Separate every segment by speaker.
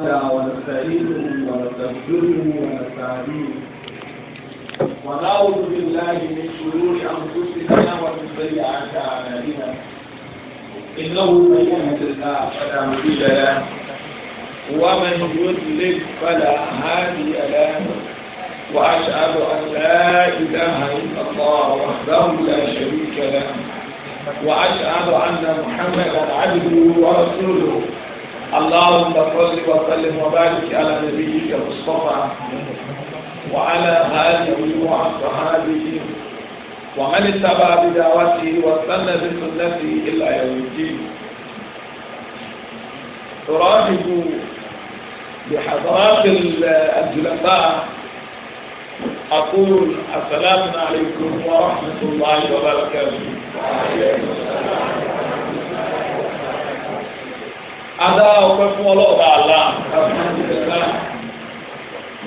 Speaker 1: ونعوذ بالله
Speaker 2: من شرور انفسنا ومن سيئات اعمالنا انه من يهد الله فلا مضل له ومن يضلل فلا هادي له واشهد ان لا اله الا الله وحده لا شريك له واشهد ان محمدا عبده ورسوله اللهم صل وسلم وبارك على نبيك المصطفى وعلى آله وأصحابه ومن اتبع بدعوته واستنى بسنته إلى يوم الدين ترافق بحضرات الجلساء أقول السلام عليكم ورحمة الله وبركاته وعليكم السلام adá ọpẹ́ fún ọlọ́ọ̀bá àlá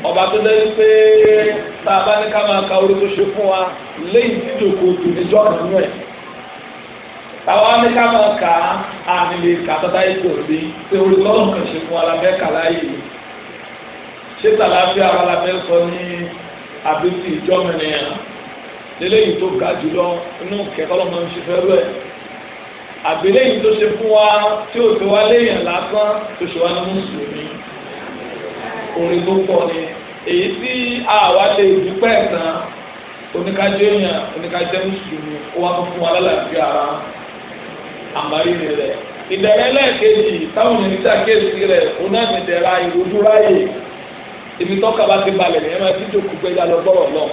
Speaker 2: ọba tó dẹ́ pé tá a bá ní ká máa ka orí tó ṣe fún wa lẹ́yìn tí jòkó tó ní jọ́ọ̀nù nínú ẹ̀ táwa ní ká máa kà á àmì lè kà tọ́tà yìí kò sí pé orí lọ́rùn kan ṣe fún wa la fẹ́ kà láàyè ṣé tàlàfíà wa la fẹ́ sọ ní àbí ti ìjọ́mìnira lélẹ́yìn tó ga jùlọ inú kẹ́kọ́ lọ́mọ ń ṣe fẹ́ rú àbílẹ̀ yìí tó ṣe fún wa tí ò tó wá léèyàn lásán tó ṣe wá ní mùsùlùmí orin tó pọ̀ ni èyí tí àwa lè dúpẹ́ tán oníkájọ́ èèyàn oníkájọ́ mùsùlùmí ó wá fún wa lálàáfíà ara àmàrí rẹ̀ ìdẹ̀rẹ́ lẹ́ẹ̀kejì táwọn ènìyàn ṣàkíyèsí rẹ̀ òun náà nìdẹ̀ra ìrójúráyè ibi tọ́ka bá ti balẹ̀ ní ẹ máa ti jòkó gbẹ́jà lọ náà.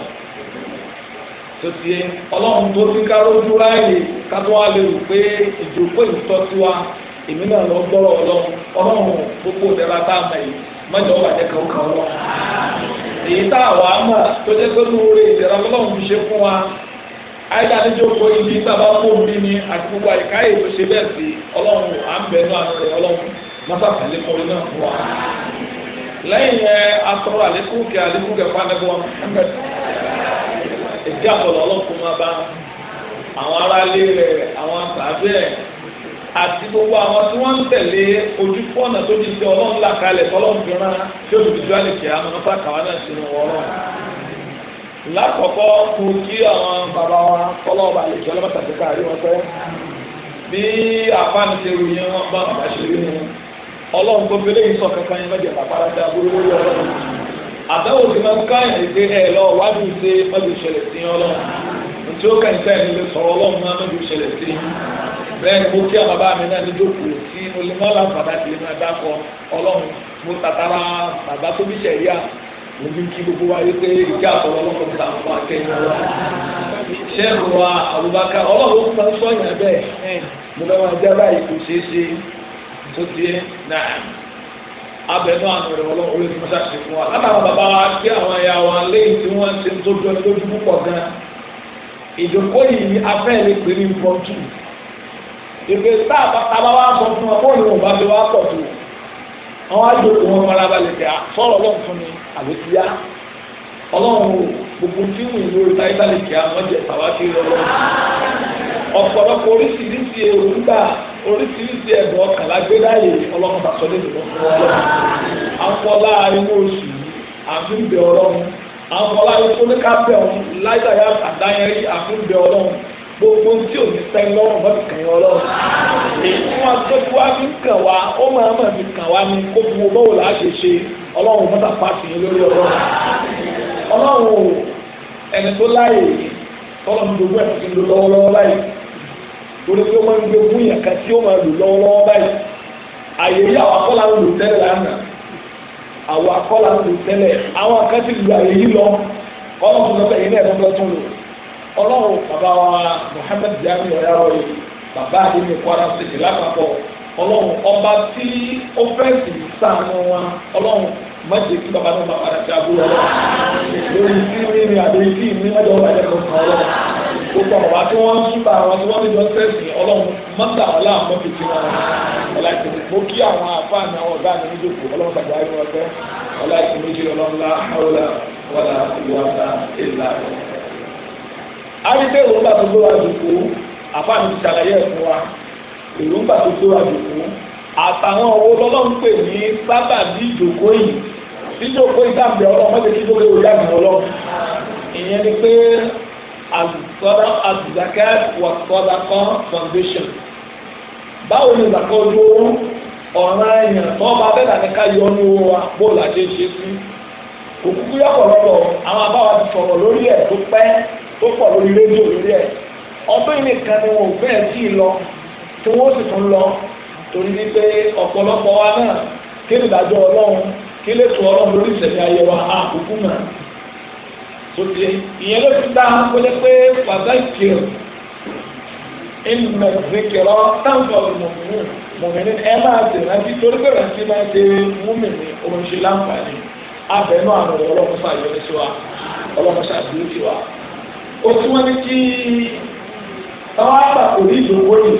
Speaker 2: tó ti yẹ ọlọ́run tó ti ká lójú ráàyè ká tó wá lè rò pé ìjókòó ìtọ́ sí wa èmi náà lọ gbọ́rọ̀ ọlọ́run ọlọ́run gbogbo ìdẹ́ra tá a mọ̀ yìí mọ́jọ bàjẹ́ kan kan èyí tá a mọ̀ tó jẹ́ pé ní orí ìdẹ́ra ọlọ́run wa ní jókòó ibi ni àti gbogbo àyíká yìí tó ṣe bẹ́ẹ̀ sí ọlọ́run à ń bẹ̀ lẹ́yìn yẹn ìdí àbọ̀lọ̀ ọlọ́kùnrin máa bá àwọn aráalé rẹ̀ àwọn àtàbí àti gbogbo àwọn tí wọ́n ń tẹ̀lé ojú fọ́nà tó ti ṣe ọlọ́run là kalẹ̀ fọlọ́run fi rán tí olùdíjú àlè kì á máa bá kàwá náà sínú ọlọ́run. lákọ̀ọ́kọ́ kò kí àwọn bàbá wa fọlọ́ọ̀bà lè jọ lọ́mọ tàbí káàrí pẹ́ bí bá ṣe rí àbẹ̀wò tí wọ́n káyàn ní pé ẹ lọ wá bí ṣe mọ́jú ìṣẹ̀lẹ̀ sí ọlọ́run tí ó kàn ká ẹ̀mí lè sọ̀rọ̀ ọlọ́run náà mọ́jú ìṣẹ̀lẹ̀ sí bẹ́ẹ̀ ni mo kí àbábá mi náà níjókòó sí mo lè má láǹfààní àti lè má dákọ ọlọ́run mo tàtàrà bàbá tó bí sẹ̀ríà mo ní kí gbogbo wa yé pé ìjà àtọ̀rọ̀ ọlọ́run ta fún akẹ́yìn ọlọ́run sẹ́ẹ̀rù wa Abubakar ọlọ́run máa ń sọ̀yìn abẹnú àmì rẹ Ọlọ́run orí ti mọṣá ṣe fún wa látàwọn bàbá wa tí àwọn ẹyà wa lẹ́yìn tí wọn ṣe tó jọ lójú púpọ̀ gan ìdókòó yìí afẹ́ lè pè ní impromptu ìpè tá a bá wá sọ fún wa fóònù wọn bá fi wá pọ̀ tó àwọn àjòkò wọn farabalẹ̀ tẹ sọ̀rọ̀ Ọlọ́run fún mi àbí ti yá Ọlọ́run o gbogbo tí wọn ìlú orí táyé sálẹ̀ kí a jẹ tàwa kí lọ́wọ́ ọ̀pọ̀lọpọ̀ oríṣiríṣi oríṣiríṣi ẹ̀dùn ọkàn lágbé láàyè ọlọ́run bàtọ́lé ìdìbò fún ọlọ́run afọlá inú oṣù àfihàn ọlọ́run afọlá ìfúnníkàbẹ̀ ọ̀hún láyàyà àdáyẹrí àfihàn ọlọ́run gbogbo tí ò ní sẹ́yìn lọ́rùn bọ́ọ̀dì kẹyìn ọlọ́run èyí wọn tó fi wá fi ń kàn wá ó máa máa fi kàn wá ní kó fún owó là á ṣe ṣe ọlọ́run mọ́tà pàṣẹ yẹn lórí ọlọ́run ọlọ́run ẹni tó láàyè tọ́lọ́ torí pé wọ́n ń gbé fún yàn kan tí ó máa lò lọ́wọ́lọ́wọ́ báyìí àyè yìí àwọn akọ́là ń lò tẹ́lẹ̀ lánàá àwọn akọ́là ń lò tẹ́lẹ̀ àwọn kan ti lu àyè yìí lọ ọlọ́run tó lọ́tẹ̀ yìí náà lọ́tẹ̀ tún lò ọlọ́run bàbá wa Muhammed Jamiu ọ̀yàrọ̀ yìí bàbá àdéhùn Kwara State lápapọ̀ ọlọ́run ọba tí ó fẹ́ sì sànù wa ọlọ́run má jẹ́ kí bàbá náà má padà jábọ̀ ọlọ́run lórí tí mi ni àdéhùn tí mi má jẹ́ ọ gbogbo àwọn àti wọn súbà àwọn tí wọn lè jọ sẹ́sìn ọlọ́run mọ́tà ọ̀la àwọn fìtì wọn ọ̀la ìtẹ̀lẹ̀ mo kí àwọn àfáàní àwọn ọ̀gá mi níjòkó ọlọ́run gbàgbé ayé wọn fẹ́ ọ̀la ìtẹ̀lẹ̀ méjì ọlọ́run lá àwòlà wàlà ìwàlà ìlà. àríkẹ́ èròǹgbà tó gbé wa jòkó àfáàní ti ṣàlàyé ẹ̀ wa èròǹgbà tó gbé wa jòkó àtàwọn owó lọ́lọ́run pè ní sábà bí ìjòkó yìí ìjòkó àtúntọ́dá àtúntàkẹ́ wàtúntọ́dákọ́ foundation báwo ni ìgbàkọ́ ojú owó ọ̀ràn èèyàn tó bá bẹ́ẹ̀ láti ká yọ ní owó wa bó la ṣe ṣe sí òkúkú yọ̀pọ̀lọpọ̀ àwọn abáwa ti sọ̀rọ̀ lórí ẹ̀ tó pẹ́ tó pọ̀ lórí rédíò lórí ẹ̀ ọdún yìí nìkan ni wọn ò fẹ́ẹ̀ tí ì lọ tí wọ́n sì tún lọ torí wípé ọ̀pọ̀lọpọ̀ wa náà kí ni ọlọ́run kí lè tu ọlọ́run lórí ìṣẹ̀lẹ̀ ayé àkókò náà òtún ìyẹn ló fi dá wọlé pé pàtàkì ìlùmọ̀ ìdíkẹ̀rọ táwọn ọ̀gbọ̀n mọ̀mìnì ẹ máa tẹ̀ rántí torí pé rántí máa ṣe múmìnì òun ṣe láǹfààní abẹ́nú àrùn ọlọ́run ṣàyẹ̀wò sí wa ọlọ́run ṣàdúró sí wa.
Speaker 1: ó tún wọ́n ní kí
Speaker 2: táwọn àgbà kò ní ìdòwò yìí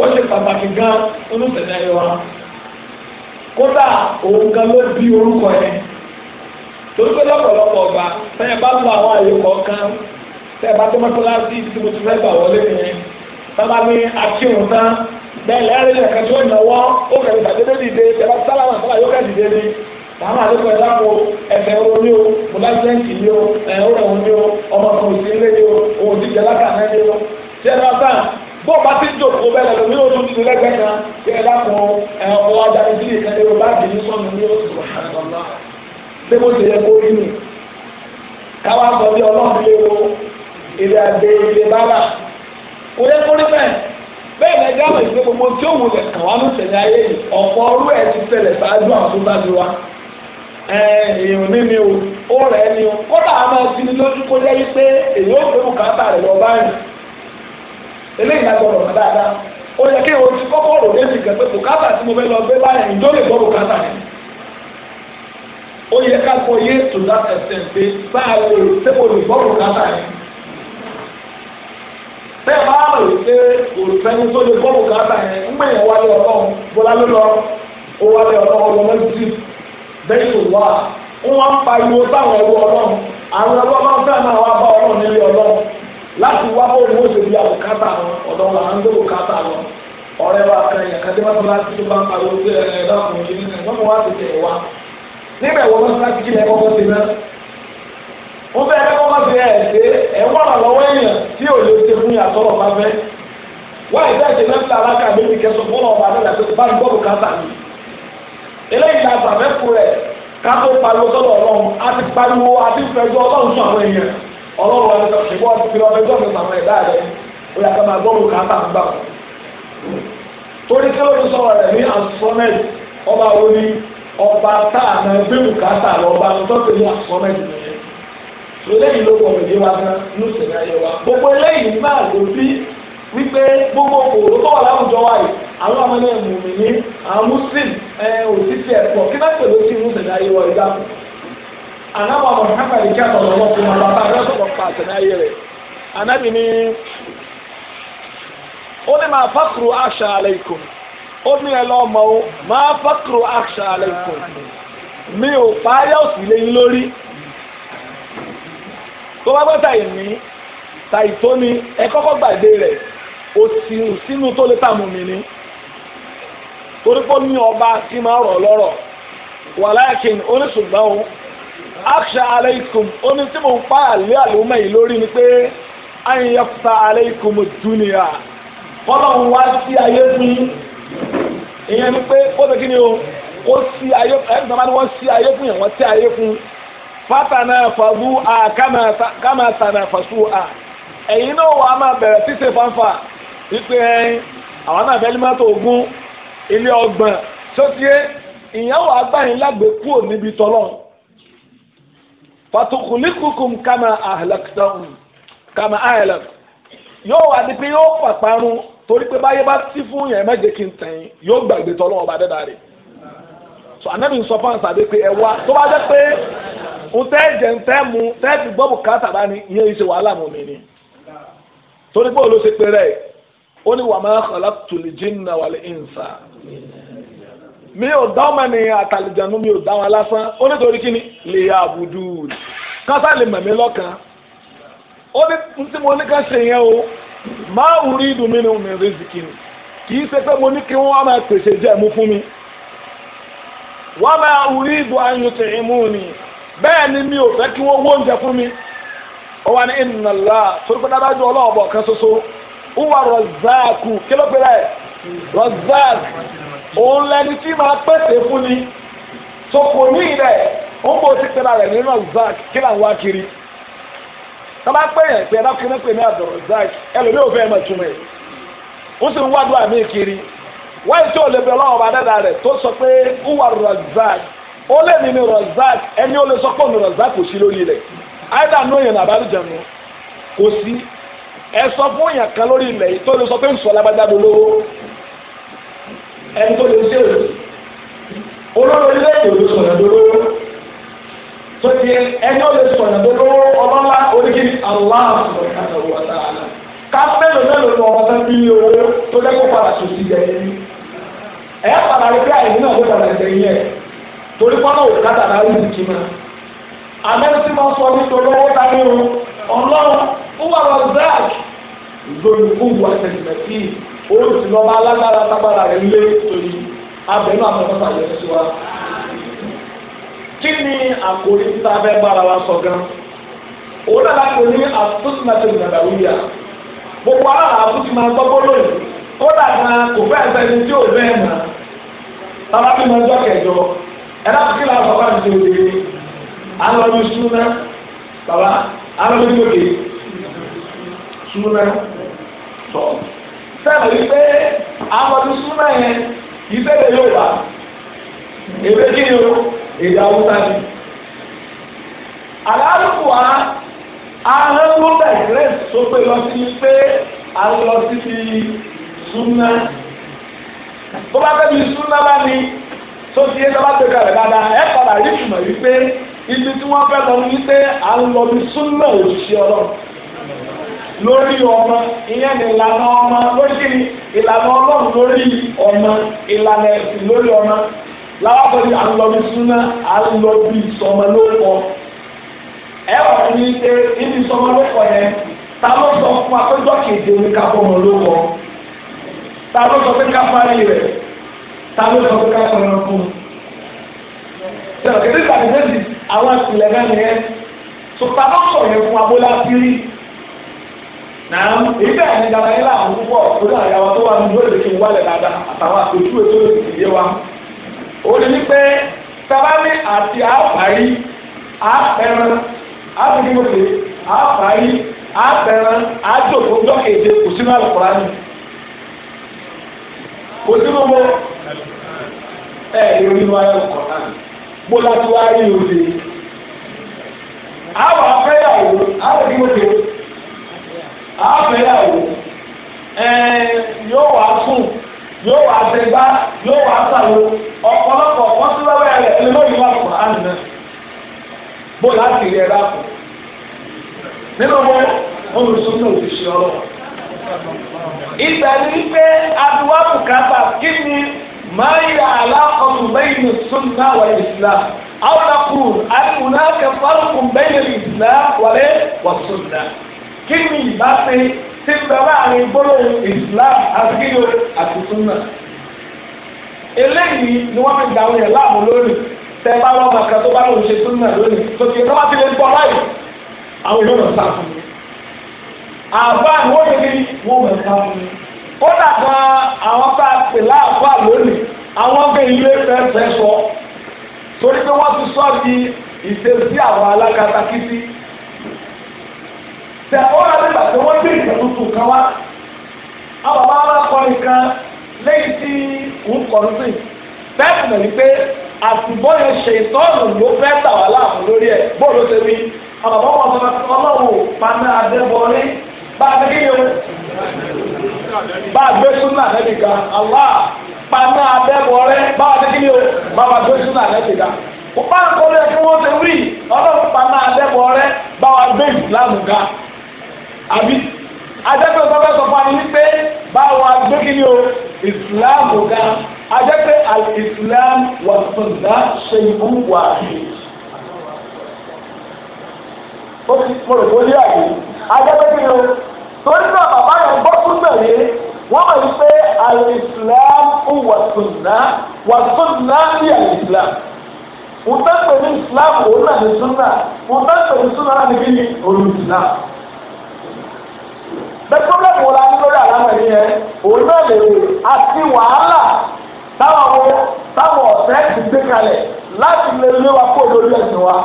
Speaker 2: ó ṣe pàtàkì gan-an nínú tẹ̀lé wa kódà òun gan ló bí orúkọ yẹn torí pé lọ́pọ̀lọpọ̀ ọgbà sẹ́yìn bá lọ àwọn àyè kọ̀ọ̀kan sẹ́yìn bá tó mọ́tòlásì tí mo ti fẹ́ gbà wọlé nìyẹn sábà ní akírun tán bẹ́ẹ̀ lẹ́yìn àlejò kan tí wọ́n náwó ó kẹ̀lé ìtàgédé dìde ìjọba sálámà sábà yóò kẹ́ dìde ni àwọn àlejò ẹ̀ lápò ẹ̀fẹ̀ oró ní o mọ́tàsẹ́ǹtì ní o ẹ̀hónà òun ní o ọmọ kan òsì ilé ní o òun ti jẹ lákàtà ní o tí ẹ bá bá bọ́ọ̀ bá ti dò kó bẹ́ẹ̀ lọ́dún ní oṣù tuntun lẹ́gbẹ̀ẹ́ kan tí ẹ lápò ẹ̀ ọ̀pọ̀ ọjà ìdílé kan ní o bá dì ní sọ́nù ní o sọ̀rọ̀ ṣé mo ti yẹ kó rí mi káwá sọ bí ọlọ́run lé o ilé àgbẹ̀ ilé bábà kò yẹ kó rí bẹ́ẹ̀ bẹ́ẹ̀ lẹ́jọ́ àwọn ìgbé gbogbo tí òun lè kàn wá ló tẹ̀lé ayé yìí ọ̀pọ̀ ọrú ẹ̀ ti tẹ̀lẹ̀ ṣáájú àwọn tó bá ti wá èèyàn mi o ó rẹ̀ ni o kódà a máa sinmi lójú kó lẹ́yìn pé èyí ó gbé bùkátà rẹ̀ lọ báyìí eléyìí náà gbọdọ̀ mọ́ dáadáa ó yẹ kí o ti kọ́kọ́ rò lẹ́sìn kẹ́pẹ́ bùkátà tí mo fẹ́ lọ gbé báyìí ìjọ lè gbọ́ bùkátà yẹn. ó yẹ ká gbọ́ yé to that extent pé bá a lè ṣé kátà yẹn bẹ́ẹ̀ bá a lè ṣe olùfẹ́ni tó lè kátà yẹn ń gbẹ̀yìn wálé bọ́lá ló lọ ó wálé bẹ́ẹ̀ tó wá wọ́n ọlọ́run àwọn wá bá ọlọ́run nílé ọlọ́run láti wá bó ṣe wọn ọ̀dọ́ wọn à ń wa kan yẹn tó bá ti tó bá ń pariwo nínú ẹ̀ wọ́n nígbà ìwọ mọ́sálásí kí lẹ kọ́kọ́ ṣe náà wọ́n fẹ́ ẹ kọ́kọ́ ṣe ẹ̀ ṣe ẹ̀ ń wọ̀nà lọ́wọ́ èèyàn tí ò lè ṣe fún yàtọ̀ lọ́ bá fẹ́ wọ́n ẹ̀ fẹ́ ṣe mẹ́fìlá alákà méjì kẹsàn fún ọ̀rọ̀ àdàlà tó ti bá gbọ́ bùkátà mi eléyìí la sàfẹ́kù rẹ̀ ká tó pariwo sọ́dọ̀ ọlọ́run a ti pariwo a ti fẹjọ́ ọlọ́run sún àwọn èèyàn ọlọ́run wa ni ṣùgbọ́n ti fi ọfẹjọ́ mi sàwọn ẹ̀dá rẹ̀ ó yà ká máa gbọ́ bùkátà ń gbà torí kí ló ti sọ̀rọ̀ rẹ̀ ní asọ́nẹ́ẹ̀dì ọba wo ni ọba taa na máa ka bùkátà ọba tọ́pẹ̀ ní àkọ́mẹ́ jù lẹ́yìn ló wọ̀ mí wá gan ní sèmi ayé wa gbogbo eléyìí náà ló wípé gbogbo tó wà láwùjọ wa yìí àwọn àwọn muslim kí náà sí wa dáàbò anáwó àwọn yìí kí wọn fún pa ó ní ẹ lọ mọ o máa fọkùrù àṣà alẹ ìkùn mi ò pààyà òsì lẹ́yìn lórí tó bá gbọ́dọ̀ tàyè mí tàyè tó ni ẹ kọ́kọ́ gbàgbé rẹ̀ òsì sínú tó lè tààmù mi ni torí pé ó ọba tí máa rọ̀ lọ́rọ̀ wàláàkìn oníṣùgbọ́n o àṣà alẹ́ ìkùn ó tí mò ń pa àlè àlùmọ́ yìí lórí ni pé àyìnyẹ́fà alẹ́ ìkùn mo dúnìyà fọlọ́run wá sí ayé fún yín ìyẹn ni pé ó ṣe kí ni o ó sí ayé ẹ̀sìn sábà ni wọ́n sí ayé fún yẹn wọ́n tẹ́ ayé fún fátànà fàzú à kàmà tànà fàṣù à ẹ̀yin náà wà á máa bẹ̀rẹ̀ títí fanfa wípé àwọn náà fẹ́ límọ́tò ogún ilé ọgbọ̀n sókè ìyẹn wà lágbè kúrò níbi tọ́lọ́run fatukulikukum kama ahlakitahun kama ahlak yóò wà ní pé yóò pàparun torí pé báyé bá sí fún yẹn mẹ́jẹ kí n tẹ̀yìn yóò gbàgbé tọ́lọ́ ọba dẹ́dà rẹ̀ so anabi sọ fún àǹsàdé pé ẹ wá tó bá jẹ́ pé ntẹ́ jẹ ntẹ́ mu ntẹ́ fi gbọ́ bùkátà bá ní ìyẹn ìṣe wàhálà mọ̀ mí ni torí pé olóṣè pé rẹ̀ ó ní wa ma khalaqtul jinna wal insa mi ò dá ọmọ ní àtàlìjànú mi ò dá wọn lásán ó nítorí kí ni lè àbùdù kásá lè mẹ̀mí lọ́kàn ó ní tí mo ní ká ṣe yẹn o. Ma wùrí ìdùnmí ni mi rí zikì ni kì ṣe pé mo ní kí wọ́n máa pèsè jẹ́ mú fún mi wọ́n máa wùrí ìdùn ayùntì ìmú ni bẹ́ẹ̀ ni mi ò fẹ́ kí wọ́n wó oúnjẹ fún mi ó wà ní ìnàlá torí pé dájú ọlọ́ọ̀bọ̀ kan ṣoṣo ó wà rọ̀záàkù kí ló pe rẹ̀ rọ̀záàkù òun lẹni tí máa pèsè fún ni so kò ní ilẹ̀ ó ń bò sí pé rẹ̀ nínú rọ̀záàkù kí làwọn wá tọ́ba pé yẹn pé ẹ̀dá kí ní pè ní Abdulrasaq ẹlòmíì ò fẹ́ mọ̀ túmọ̀ ẹ̀ ó sì ń wádùn àmì kiri wáyé tí ò lè bẹ̀rẹ̀ ọ̀rọ̀ àdàdà rẹ̀ tó sọ pé uwa Razak ó lè ní ní Razak ẹni ó lè sọ pé òun Razak kò sí lórí ilẹ̀ àìdá nù yẹn nàbàlùjẹ nù kò sí ẹ sọ fún yẹn kan lórí ilẹ̀ tó lè sọ pé ń sọ lágbájá dolówó ẹni tó lè ṣe sọ́kè ẹni ọ̀lẹ́ sọ̀nà tó lọ́wọ́ ọlọ́lá oríkìrì aláàbò ká mélòó mélòó ni ọ̀rọ̀ náà bíi owó tó lẹ́kọ̀ọ́ padà tó sí ẹ̀ yín ẹ̀ padà rí pé àìní náà ló padà jẹ yín torí pọ́nà ò kátà náà rí ìdíkì náà àmẹ́rin tí wọ́n sọ nítorí owó ta ní o ọlọ́run kí ni àkòrí wa sọ gan ní gbogbo ara kò fẹ́ tí ò fẹ́ mà bàbá mi máa jọ kẹjọ ẹ kí làwọn bàbá mi ti wò lè alọ́ọ̀lù bàbá alọ́ọ̀lù tó lè súná sẹ́nu wípé alọ́ọ̀lù súná yẹn ìbéèrè yóò wá èwe kí ni o. èdè haúsá ni. àlálùkù wa ahọ́n ló dàgbẹ́ sópè lọ sí pé a lọ síbi súnà tó bá tẹ́bi súnà bá ní tó ti yé sábà tó kalẹ̀ dáadáa ẹ padà rí ìtumọ̀ yìí pé ibi tí wọ́n fẹ́ lọ ní pé à ń lọ bí súnà òṣìṣẹ́ ọlọ́run lórí ọmọ ìyẹn ní ìlànà ọmọ lórí ìlànà ọlọ́run lórí ọmọ ìlànà ẹ̀sìn lórí ọmọ lábàbọ̀dì alọ́bí súná alọ́bí sọmọlọ́pọ̀ ẹ wà ní ike ibi sọmọlọ́pọ̀ yẹn ta ló sọ fún akójọ kéde ní kábọ̀mọlọ́pọ̀ ta ló sọ pé káfárí rẹ̀ ta ló sọ pé káfárí fún sọ̀rọ̀ kéde tàbí àwọn náà nìyẹn tó ta ló sọ yẹn fún abúlé náà èyí bẹ́ẹ̀ ni púpọ̀ tó wálẹ̀ dáadáa àtàwọn àpèjúwe tó lè ó lè ní pé tabali àti àpárí àpẹran àpèkìmọ̀tì àpárí àpẹran àjòkójọ́ èdè kò sínú àlùkòrá ni kò sínú mo ẹ ìròyìn wa yẹ kọ̀ náà mo láti wá rí òde àwọn afẹ́yàwó àpèkìmọ̀tì àfẹ́yàwó ẹ yóò wá fún. yóò wá àtẹgbá yóò wá àtàwọ ọ̀pọ̀lọpọ̀ wọ́n tún lọ́wọ́ ẹ̀rẹ̀ ẹ̀ lóyún wà fún àná náà bó láti rí ẹ̀rá fún nínú wọn olùsọ́nà òṣìṣẹ́ ọlọ́wọ́. ìgbà ní wípé abiwá bùkátà kí ni máa ń yà alákọ̀tún bẹ́yìn wà islam awùdàkù àdùnnà kẹfàlùkù bẹ́yìn ní islam wà wà sunna kí ni ìbáfẹ́ ti ń bẹ láàrin gbólóhùn Islam àtúndò àti sunna eléyìí ni wọ́n fi dàwọn yẹn láàmú lónìí tẹ bá wọn máa kà tó bá lòun ṣe sunna lónìí tó ti tọ́wá ti lè gbọ́ báyìí àwọn yóò lọ sáà fún mi àbá ni wọ́n ti ní wọ́n mọ̀ ká fún mi àwọn bá a pè láàbá lónìí àwọn bẹ ilé fẹ́ẹ́fẹ́ sọ torí pé wọ́n ti sọ di ìṣesí àwọn alákatakítí tẹ ọ̀rọ̀ àbẹ̀bà tí wọ́n gbé ìgbà tuntun kan wá àwọn bàbá wa kọ́ nìkan lẹ́yìn tí òun kọ́ ní sìn bẹ́ẹ̀ mọ̀ ní pé àtìbọ́ yẹn ṣe ìtọ́nù ló fẹ́ tà wá láàmú lórí ẹ̀ bóòlù ṣe wí àwọn bàbá wọn sọ ọlọ́wọ́ paná adébọrí bá a gbé yẹn bá a gbé súnà lẹ́nìkan àlá paná adébọrí bá a gbé yẹn bá a gbé súnà lẹ́nìkan kò bá a kọ́ lẹ́yìn tí wọ́n ṣe wí ọlọ́wọ́ paná adébọrí bá a gbé ìsìlámù ga àbí adẹ́pẹ́ bàbá sọ fún mi pé báwo agbẹ́kìnì o islam gan adẹ́pẹ́ al-islam wà sọ̀dá ṣe ìbú wà bí. ó ti mo rò bó yá yìí adẹ́pẹ́ kìnì o torí náà bàbá yẹn gbọ́ fún tẹ̀lé wọ́n mọ̀ ní pé al-islam wà sọ̀dá wà sọ̀dá sí al-islam wọ́n tẹ́ pẹ̀lú islam òun náà ní sunna wọ́n tẹ́ pẹ̀lú sunna náà ní kí ni olùsìlám bẹ́ẹ̀ problem wo la ní lórí àlámọ̀ yìí yẹn òun náà lè àti wàhálà táwọn wo táwọn ọ̀sẹ̀ ti gbé kalẹ̀ láti lè lé wa kó lórí ẹ̀sìn wa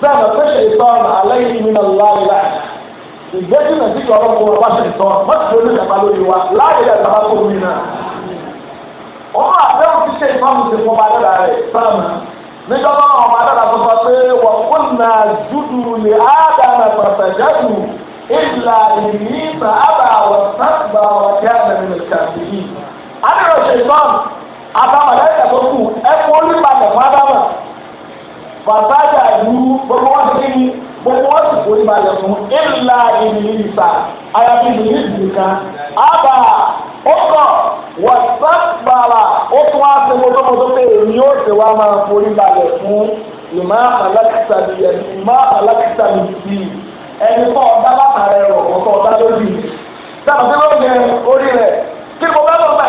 Speaker 2: bẹ́ẹ̀ lọ fẹ́ ṣe ìtọ́n alẹ́ yìí nínú láàyè láàyè ìgbésí náà ti yọ ọlọ́kùnrin wọn bá ṣe ìtọ́n wọ́n ti lórí ìjàmbá lórí wa láàyè rẹ̀ bàbá tó mi náà. wọ́n máa fẹ́ òfin ṣe ìfọ́nù ti fún ọba dára rẹ̀ sáàmù níjọ́ náà ọba dára tó sọ pé wọ́n إلا إبليس أبى واستكبر وكان
Speaker 1: من الكافرين
Speaker 2: أنا الشيطان أبى ملائكة تقول أقول بعد ما دام فساجا يو gbogbo wọn ti ní gbogbo wọn ti forí balẹ̀ fún ìlà ìbílísà àyàfi ìbílísì nìkan àbà ọkọ̀ wọ̀sápàlà ó tún wá sí mọ́tòmọ́tò pé èmi ó ẹni kọ́ ọ̀dá bàtà rẹ̀ rọ̀ ọ̀tọ̀ ọ̀dá lójú dábàá yẹ orí rẹ̀ kí mo bá lọ bá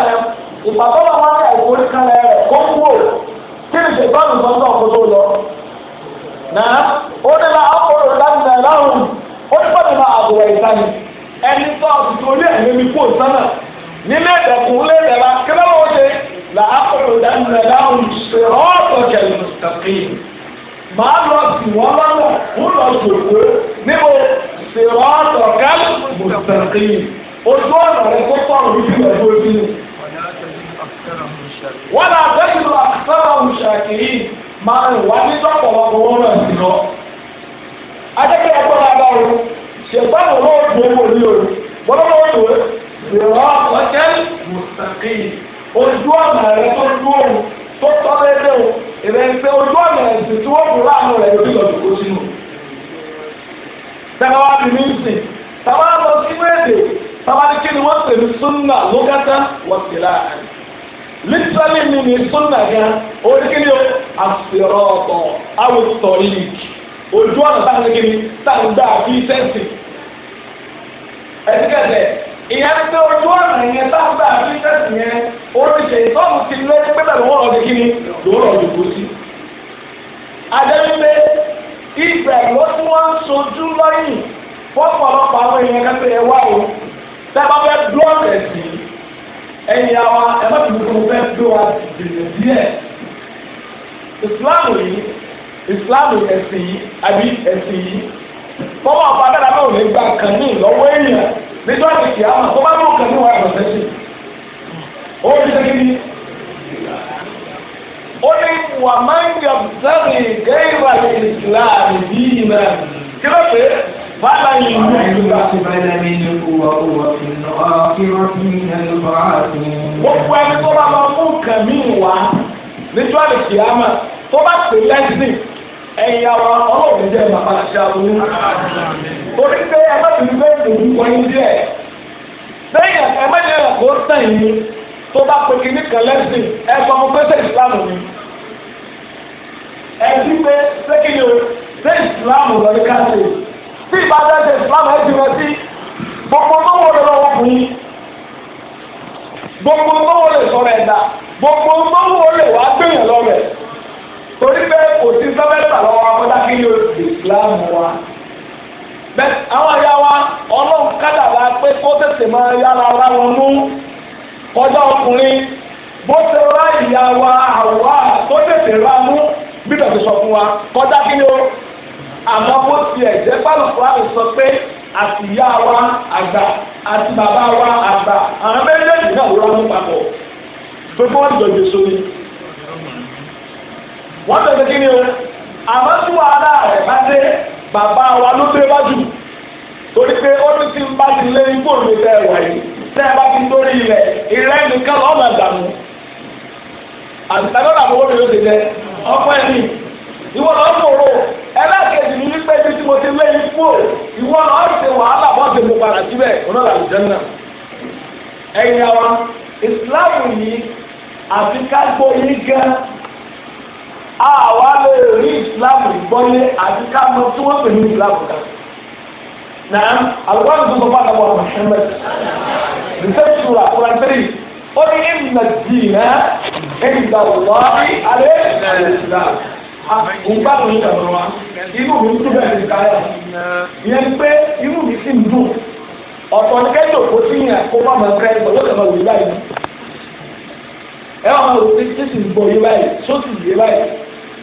Speaker 2: wá ní àìkú orí kan rẹ̀ kó kí ni kó tó lọ. ó ní ma ọkọ̀ láti náà láwùn ó ní pàtó ma àbúrò ìsani ẹni tó ọ̀sùn tó ẹ̀mí mi nílé ẹ̀dẹ̀kùn lé kí màá lọ sí wọn lọ́wọ́ ń lọ sòkó níbo ṣèrọ àtọ̀ká mùsùlùmí ojú ọ̀nà rẹ̀ tó tọ̀rọ̀ ní ìlú ẹ̀kọ́ sí ni. wọ́n náà bẹ́ẹ̀ lọ àkàrà òṣàkìrì máa ń wá ní lọ́pọ̀lọpọ̀ wọn náà sí lọ. adékè ẹgbẹ́ wa bá o ṣègbọ́n àwọn olóògbé owó ní o wọ́n lọ́wọ́ tó ṣèrọ àtọ̀ká
Speaker 1: mùsùlùmí
Speaker 2: ojú ọ̀nà rẹ̀ tó dúró tó tọ́ lẹ́gbẹ́ o ìrẹ́ pé ojú ọ̀nà ẹ̀sìn tí wọ́n fi ráàmù rẹ̀ lórí lọ́dún kó sínú. Tẹ́lẹ̀ wá bí mi ń sìn, tàbá lọ sí wéèdè, tàbá ní kí ni wọ́n pè ní súnà lókàtà wọ́n sì rà. Lítírálì mi ní súnà gan, orí kí ni o? Àṣìrọ̀ ọ̀tọ̀, àwòtọ̀ yìí. Ojú ọ̀nà táwọn kí ni táwọn gbà ìyẹn pé ojú ọ̀nà yẹn sábà bísẹ̀sì yẹn oríṣi ìtọ́nù ti lé ní pẹ́tà lọ́wọ́ ọ̀dẹ kí ni lọ́wọ́ ọ̀dẹ kò sí. adẹ́wípé ibẹ̀ ló tí wọ́n ń sojú lọ́yìn fọ́pọ̀lọpọ̀ àwọn èèyàn kẹ́kẹ́ ẹ wá o tẹ́ bá fẹ́ ọ̀rẹ́ sí ẹ̀yìn àwa ẹ má tìlú tó fẹ́ dú wa dìde díẹ̀. ìsìláàmù yìí ìsìláàmù ẹ̀sìn yìí àbí ẹ̀sìn yìí bọ́wọ́ ọba dára náà ò lè gba kàn ní ìlọ́wọ́ èèyàn níjọ́ ìsì àmà tó bá mú kàn ní wàá sí ó ní sẹ́kí ni ó ní wà máa ń yọ sẹ́rì gẹ́gbà ìsìláàmù yìí náà kí ló pé bàbá yìí ń bá ìlú bá ti bẹ́ẹ̀ ní ní kúwà kúwà fi nà á kí wọ́n fi ń yẹn lọ́wọ́ àti. gbogbo ẹni tó bá máa mú kàn ní ìwà níjọ́ àmà tó bá pè lẹ́sìn ẹ̀yà wa ọlọ́run jẹ́ bàbá àṣà òun. torí pé ẹ má tún gbé ìdòwú wọ̀nyí díẹ̀. lẹ́yìn ẹ má yẹ ẹ̀kọ́ sẹ́yìn mi tó bá pe kìíní kan lẹ́sìn ẹ sọ fún pé ṣé ìsìlámù ni. ẹ ti pé ṣé kí ni o ṣé ìsìlámù lọ́dún ká ṣe. bí ìbá dá ṣe ìsìlámù ẹ ti sí gbogbo tó wọlé lọ́wọ́ fún yín. gbogbo tó wọlé sọ̀rọ̀ ẹ̀dá gbogbo tó wọlé wàá gbé torí pé kò sí sọ́fẹ́sà lọ́wọ́ akọ́dákí yóò wa. bẹ́ẹ̀ àwọn ìyá wa ọlọ́run kádàrá pé kó tètè máa yára ara wọn mú kọjá ọkùnrin bó ṣe rá ìyá wa àwòrán tó tètè rá mú bí sọ fún wa kọjá kí ni o àmọ́ bó tiẹ̀ jẹ́ sọ pé àti àwọn gbogbo wọ́n tẹ̀lé kí ni o àmọ́ tí rẹ̀ bá dé bàbá wa ló dé jù torí pé ó ní ń bá ti lé ní fóònù tẹ ẹ wà yìí tẹ ẹ bá ti torí ilẹ̀ ìrẹ́ nìkan ọmọ ẹ̀dàmú àtìtàgbọ́n àbúrò mi ló ti jẹ ẹ̀ mi ìwọ lọ sọ̀rọ̀ ní ibi tí mo ti lé ní ìwọ lọ ṣe wàhálà bọ́ ṣe mo padà síbẹ̀ ọ̀nà náà ẹ̀yin àwa ìsìláàmù àwa lè rí ìsìlámù ìgbọ́lé àti ká mọ tí wọ́n pè ní ìsìlámù kan. Nàá àlùkò àti tuntun bá dàgbà ọ̀hún ṣẹlẹ̀. Rìsẹ́pù rà kúrẹ́ tírì. Ó ní ìmùnà jì náà ẹ̀yìn ìgbà wọ̀ ní alẹ́ ìsìlámù. Àgbà mi ń dàgbà wa. Inú mi ń túbẹ̀ ní káyà. Ìyẹn pé inú mi sì ń dùn. Ọ̀tọ̀ ní kẹ́tò kó sí yẹn kó má máa kẹ́ ẹ̀kọ́ lọ́sẹ̀ máa wù yí báyìí. Ẹ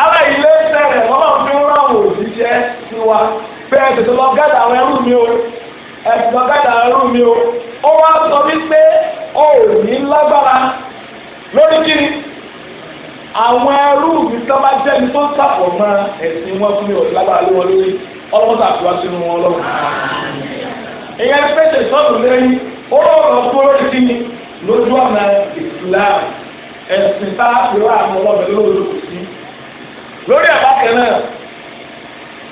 Speaker 2: ara ilé sẹ̀rẹ̀ lọ́wọ́ fi ń rán òṣìṣẹ́ sí wa pé tètè lọ àwọn mi o lọ mi o ó wá sọ wípé ó ní lágbára lórí kíni àwọn ẹrú mi tó bá jẹ́ mi tó sàpọ̀ mọ́ ẹ̀sìn wọn fún mi ò lágbára lé wọn sínú wọn lọ́wọ́ ìyẹn pèsè sọ́ọ̀tù lẹ́yìn ó lórí ẹ̀ka kẹlẹ́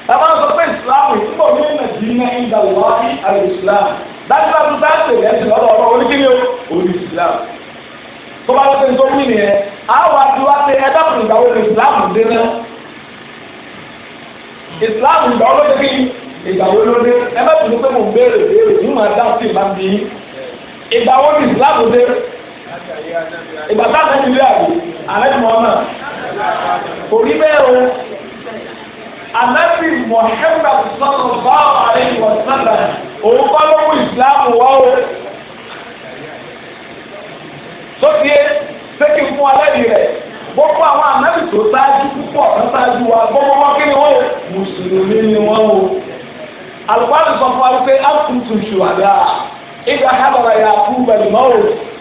Speaker 2: bàbá sọ pé ìsìláàmù ìtumọ̀ ní nàìjíríà ń da wà ní àlè ìsìláàmù dájúdájú bá tẹ̀lé ẹ̀sìn lọ́dọ̀ ọ̀rọ̀ oníkíni o òní ìsìláàmù tó bá lọ́sẹ̀ tó wí nìyẹn àwọn àdúrà ṣe ẹ̀dáàbò ìgbàwó ìsìláàmù dé náà ìsìláàmù ìgbàwó ló dé kí ìgbàwó ló dé ẹ bá tún pé mo béèrè béèrè mo máa dá sí ìbá
Speaker 1: ìgbà tá a ti
Speaker 2: rí àbí àlẹ́ mọ́mọ́ kò rí bẹ́ẹ̀ o anabi Muhammad sallallahu alaihi wa sallam òun bá ló mú ìsìlámù wá o tó tiẹ̀ sẹ́kì fún alẹ́bí rẹ̀ gbogbo àwọn anabi tó ṣáájú púpọ̀ tó ṣáájú wa gbogbo wọn kí ni wọn o mùsùlùmí ni wọn o alùpàdé sọ fún wa pé a kùn tún ṣùwàdà ìgbà hábàrà kú bẹ̀rẹ̀ o.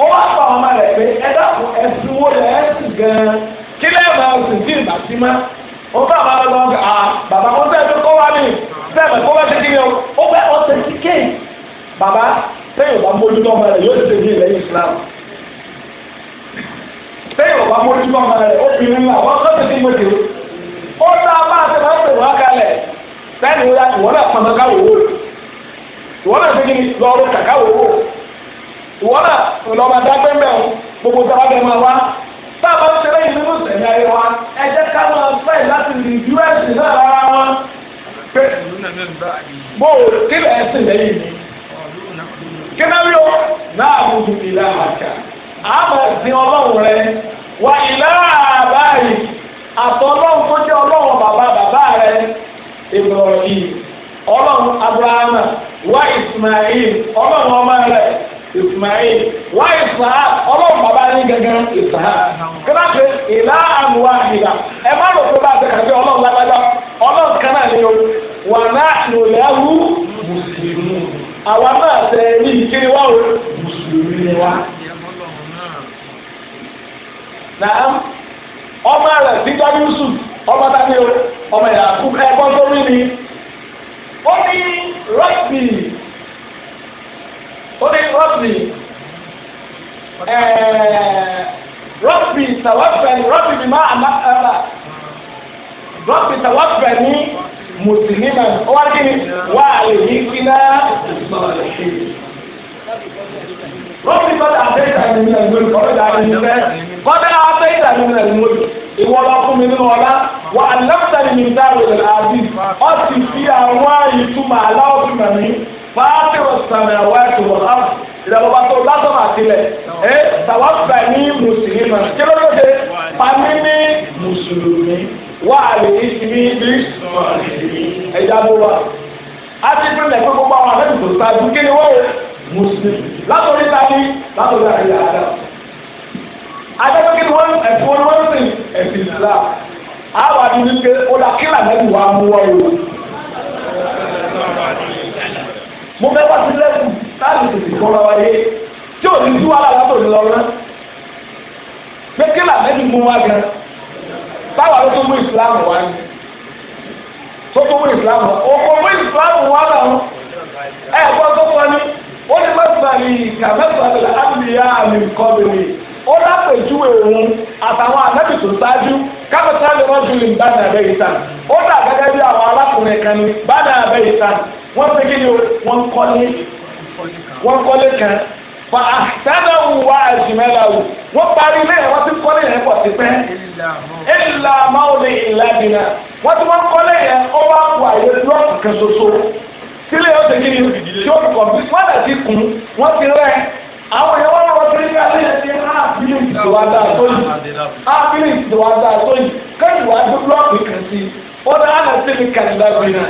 Speaker 2: ó wá ọmọ rẹ̀ pé ẹ dákun ẹ̀sìn wo ẹ̀sìn gan-an kí lẹ́ẹ̀ máa sùn sí ìgbà sí mọ́ ó bá bàbá lọ mi kó sí kéè bàbá sẹ́yìn ọ̀bá mójútó ọmọ rẹ̀ Islam sẹ́yìn ọ̀bá mójútó ọmọ rẹ̀ ó fi ó tá a máa ṣe máa ń pè kalẹ̀ sẹ́yìn ìwọ́n náà pọnmọ́ ìwọ́n náà ìwọ́n mẹ́rin gbogbo a bá bẹ̀rẹ̀ máa wá tá a bá ayé wa ẹ jẹ́ ká máa fẹ́ láti náà rárá bó o ẹ lẹ́yìn mi. kí rí o náà a máa sin ọlọ́run rẹ wà ọlọ́run tó jẹ́ ọlọ́run bàbá bàbá rẹ ọlọ́run wa Ismail ọlọ́run Ismail wáyé sàá ọlọ́run bàbá ní gangan ìsàá kíná pé ìlà àmú àhìlà ẹ má lọ pé bá a ti kàdé ọlọ́run lágbájá ọlọ́run kan náà ni o wà náà lò lẹ́rú mùsùlùmí àwa náà tẹ ní ìkiri wá o mùsùlùmí ni wá. Nàá ọmọ rẹ̀ ti dá Yusuf ọmọ tàbí o ọmọ ìyàkú ẹ̀gbọ́n tó rí ni ó ní rọ́ọ̀bì. ó ní rọ́bì rọ́bì tàwọ́fẹ̀ni rọ́bì mi máa àmà ẹ̀rà
Speaker 1: rọ́bì tàwọ́fẹ̀ni
Speaker 2: mùsùlùmí náà ó wá kí ni wà á lè yí kí náà
Speaker 1: rọ́bì kọ́dà àbẹ́yìdà ni mi nàìjíríà
Speaker 2: kọ́dà àbẹ́yìdà ni mi fẹ́ kọ́dà àbẹ́yìdà ni mi nàìjíríà ìwọ lọ fún mi nínú ọlá wà á lọ́kítà ni mi dáwọ̀ ìlànà àbí ọ̀sì fi àwọn ìtumọ̀ aláwọ̀ fi mọ̀ mí. fàátìrò sàmìlàwáàtì wọn á ìdàbọ̀bà tó lásán àtìlẹ̀ ẹ tàwáfà ní mùsùlùmí kí ló dé pàmí ní mùsùlùmí wà á lè ní sinmi bí ẹja bó wa á ti fi lẹ́gbẹ́ gbogbo àwọn àlejò tó ṣáájú kí ni wọ́n mùsùlùmí látòrí tani látòrí àyè àdá adájọ́ kí ni wọ́n ẹ̀fọ́ ni wọ́n sìn ẹ̀sìn Islam àwọn àdúgbò ó dà kí mú wọ́n o. mo fẹ́ wá sí lẹ́kùn láti tètè kọ́ ra wáyé tí ò ní túwọ́ àlàlá tó ní lọ rán pé kí làbẹ́ni mú wá gan báwa ló tó mú ìsìlámù wá ní tó tó mú ìsìlámù wá òkò mú ìsìlámù wá làwọn ẹ̀kọ́ tó sọ ní ó ní mẹ́sàn-án ní ìkà mẹ́sàn-án ní àmì ó lápèjúwe òun àtàwọn ànábì tó ṣáájú kápẹ́tà lè wọ́n ju lìn bánà abẹ́yìí tán ó dà gẹ́gẹ́ bí àwọn arákùnrin kan ní bánà abẹ́yìí tán wọ́n fi kí ni wọ́n kọ́lé wọ́n kọ́lé kan fa àtàdà wù wá àjùmẹ́lá wù wọ́n parí ilé yẹn wọ́n ti kọ́lé yẹn pọ̀ sí pẹ́ ìlà máwùlì ìlà bìnnà wọ́n ti wọ́n kọ́lé yẹn ó wá kó àyè lọ́ọ̀kì kan ṣoṣo sílẹ̀ yóò ṣe kí ni yóò kọ̀ wọ́n àwọn èèyàn wọn lọ sí ilé ayé yẹn ní àbílẹ̀ ìtìwádà tó yìí àbílẹ̀ ìtìwádà tó yìí kẹ́yìn wá dé búlọ́ọ̀kì kan sí ó ní àná sí ní kàlíńdà bìnnà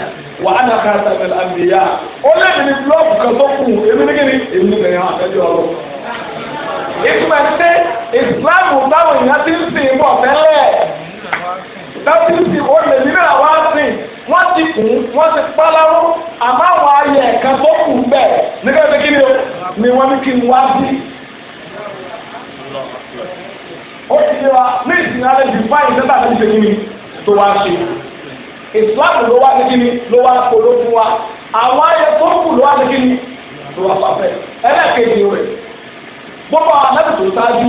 Speaker 2: wà á nà ká sàbẹ̀lẹ̀ àbíyá ó lé mi ní búlọ́ọ̀kì kan tó kù èmi ní kíni èmi ní bẹ̀rẹ̀ àtẹ́jọ́ ọ̀rọ̀.
Speaker 1: ìtumọ̀ ẹ̀ ṣe
Speaker 2: ìsìláàmù báwọn èèyàn ti ń sìn ìmọ̀ tẹ́lẹ̀ táwọn ti ń sìn ó lè nínú àwọn àti wọ́n ti kù wọ́n ti páláwó àmọ́ àwọn ayẹ ẹ̀ka tó kù bẹ́ẹ̀ nígbà tó kí ni o ni wọ́n ní kí n wá sí. ó ti ṣe wa ní ìsìn alẹ́ ju báyìí nígbà tó ń ṣe kí ni tó wá ṣe. ìsìláàmù ló wá ní kí ni ló wá kóló fún wa àwọn ayẹ tó kù ló wá ní kí ni ló wá pàfẹ́ ẹlẹ́ẹ̀kejì rẹ̀ gbogbo àwọn anábìtò ṣáájú.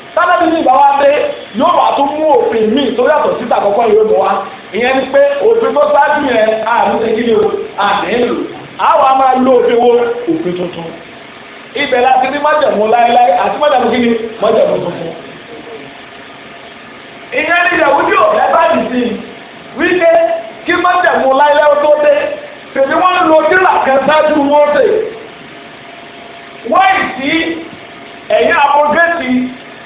Speaker 2: sábẹ́bí ní ìgbà wa dé yóò wà tó mú òfin míì tó yàtọ̀ síta kọ́kọ́ yóò mú wa ìyẹn ni pé òfin tó sáájú yẹn àmì ṣèkìlì o àmì ń lò àwọn a máa lo òfin wo òfin tuntun ibẹ̀ láti ní májẹ̀mú láéláé àti májẹ̀mú kí ni májẹ̀mú tuntun. ìyẹn ni ìyàwó tí òfin bá dì sí wípé kí májẹ̀mú láéláé tó dé tèmi wọ́n lo dírà kan sáájú wọ́n dé wọ́n ì sí ẹ̀yìn àpọ̀gẹ́sì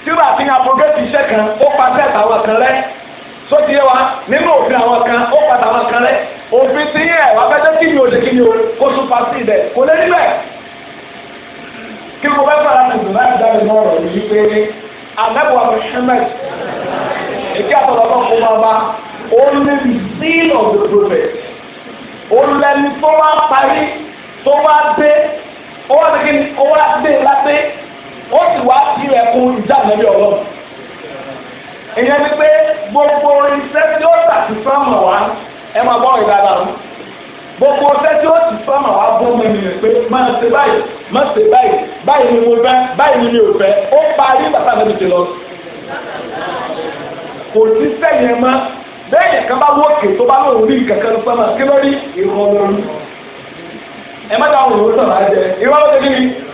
Speaker 2: tíra àti àpògẹ́tì iṣẹ́ kan ó pa sẹ́ẹ̀tì àwọn kan rẹ́ tó ti yé wa nínú òfin àwọn kan ó padà àwọn kan rẹ́ òfin ti yẹ wà fẹ́ jẹ́ kí ni òde kí ni o kó tún pa sí ibẹ̀ kò lé níbẹ̀. kí mo fẹ́ fara tuntun láti dá mi mọ́ ọ̀rọ̀ yìí pé àdàbọ̀ Muhammad èké àtọ̀lọ́kọ̀ kó máa bá only the seal of the prophet olùlẹ́ni tó wá parí tó wá dé ó wá dé ó wá dé láti. ó sì wá sí ẹkún ìjànàbí ọlọ́run ìyẹn ni pé gbogbo iṣẹ́ tí ó tàbí sọ́mọ̀ wá ẹ máa bọ́ ìdára o gbogbo iṣẹ́ tí ó ti sọ́mọ̀ wá bó mẹ́mi rẹ̀ pé máa ṣe báyìí máa ṣe báyìí báyìí ni mo fẹ́ báyìí ni mi ò fẹ́ ó parí bàtà mi ti lọ kò sí sẹ́yìn bẹ́ẹ̀ kan bá tó bá lóun rí sọ́mọ̀ kí ló rí ẹ má dáhùn òun sọ̀rọ̀ àjẹ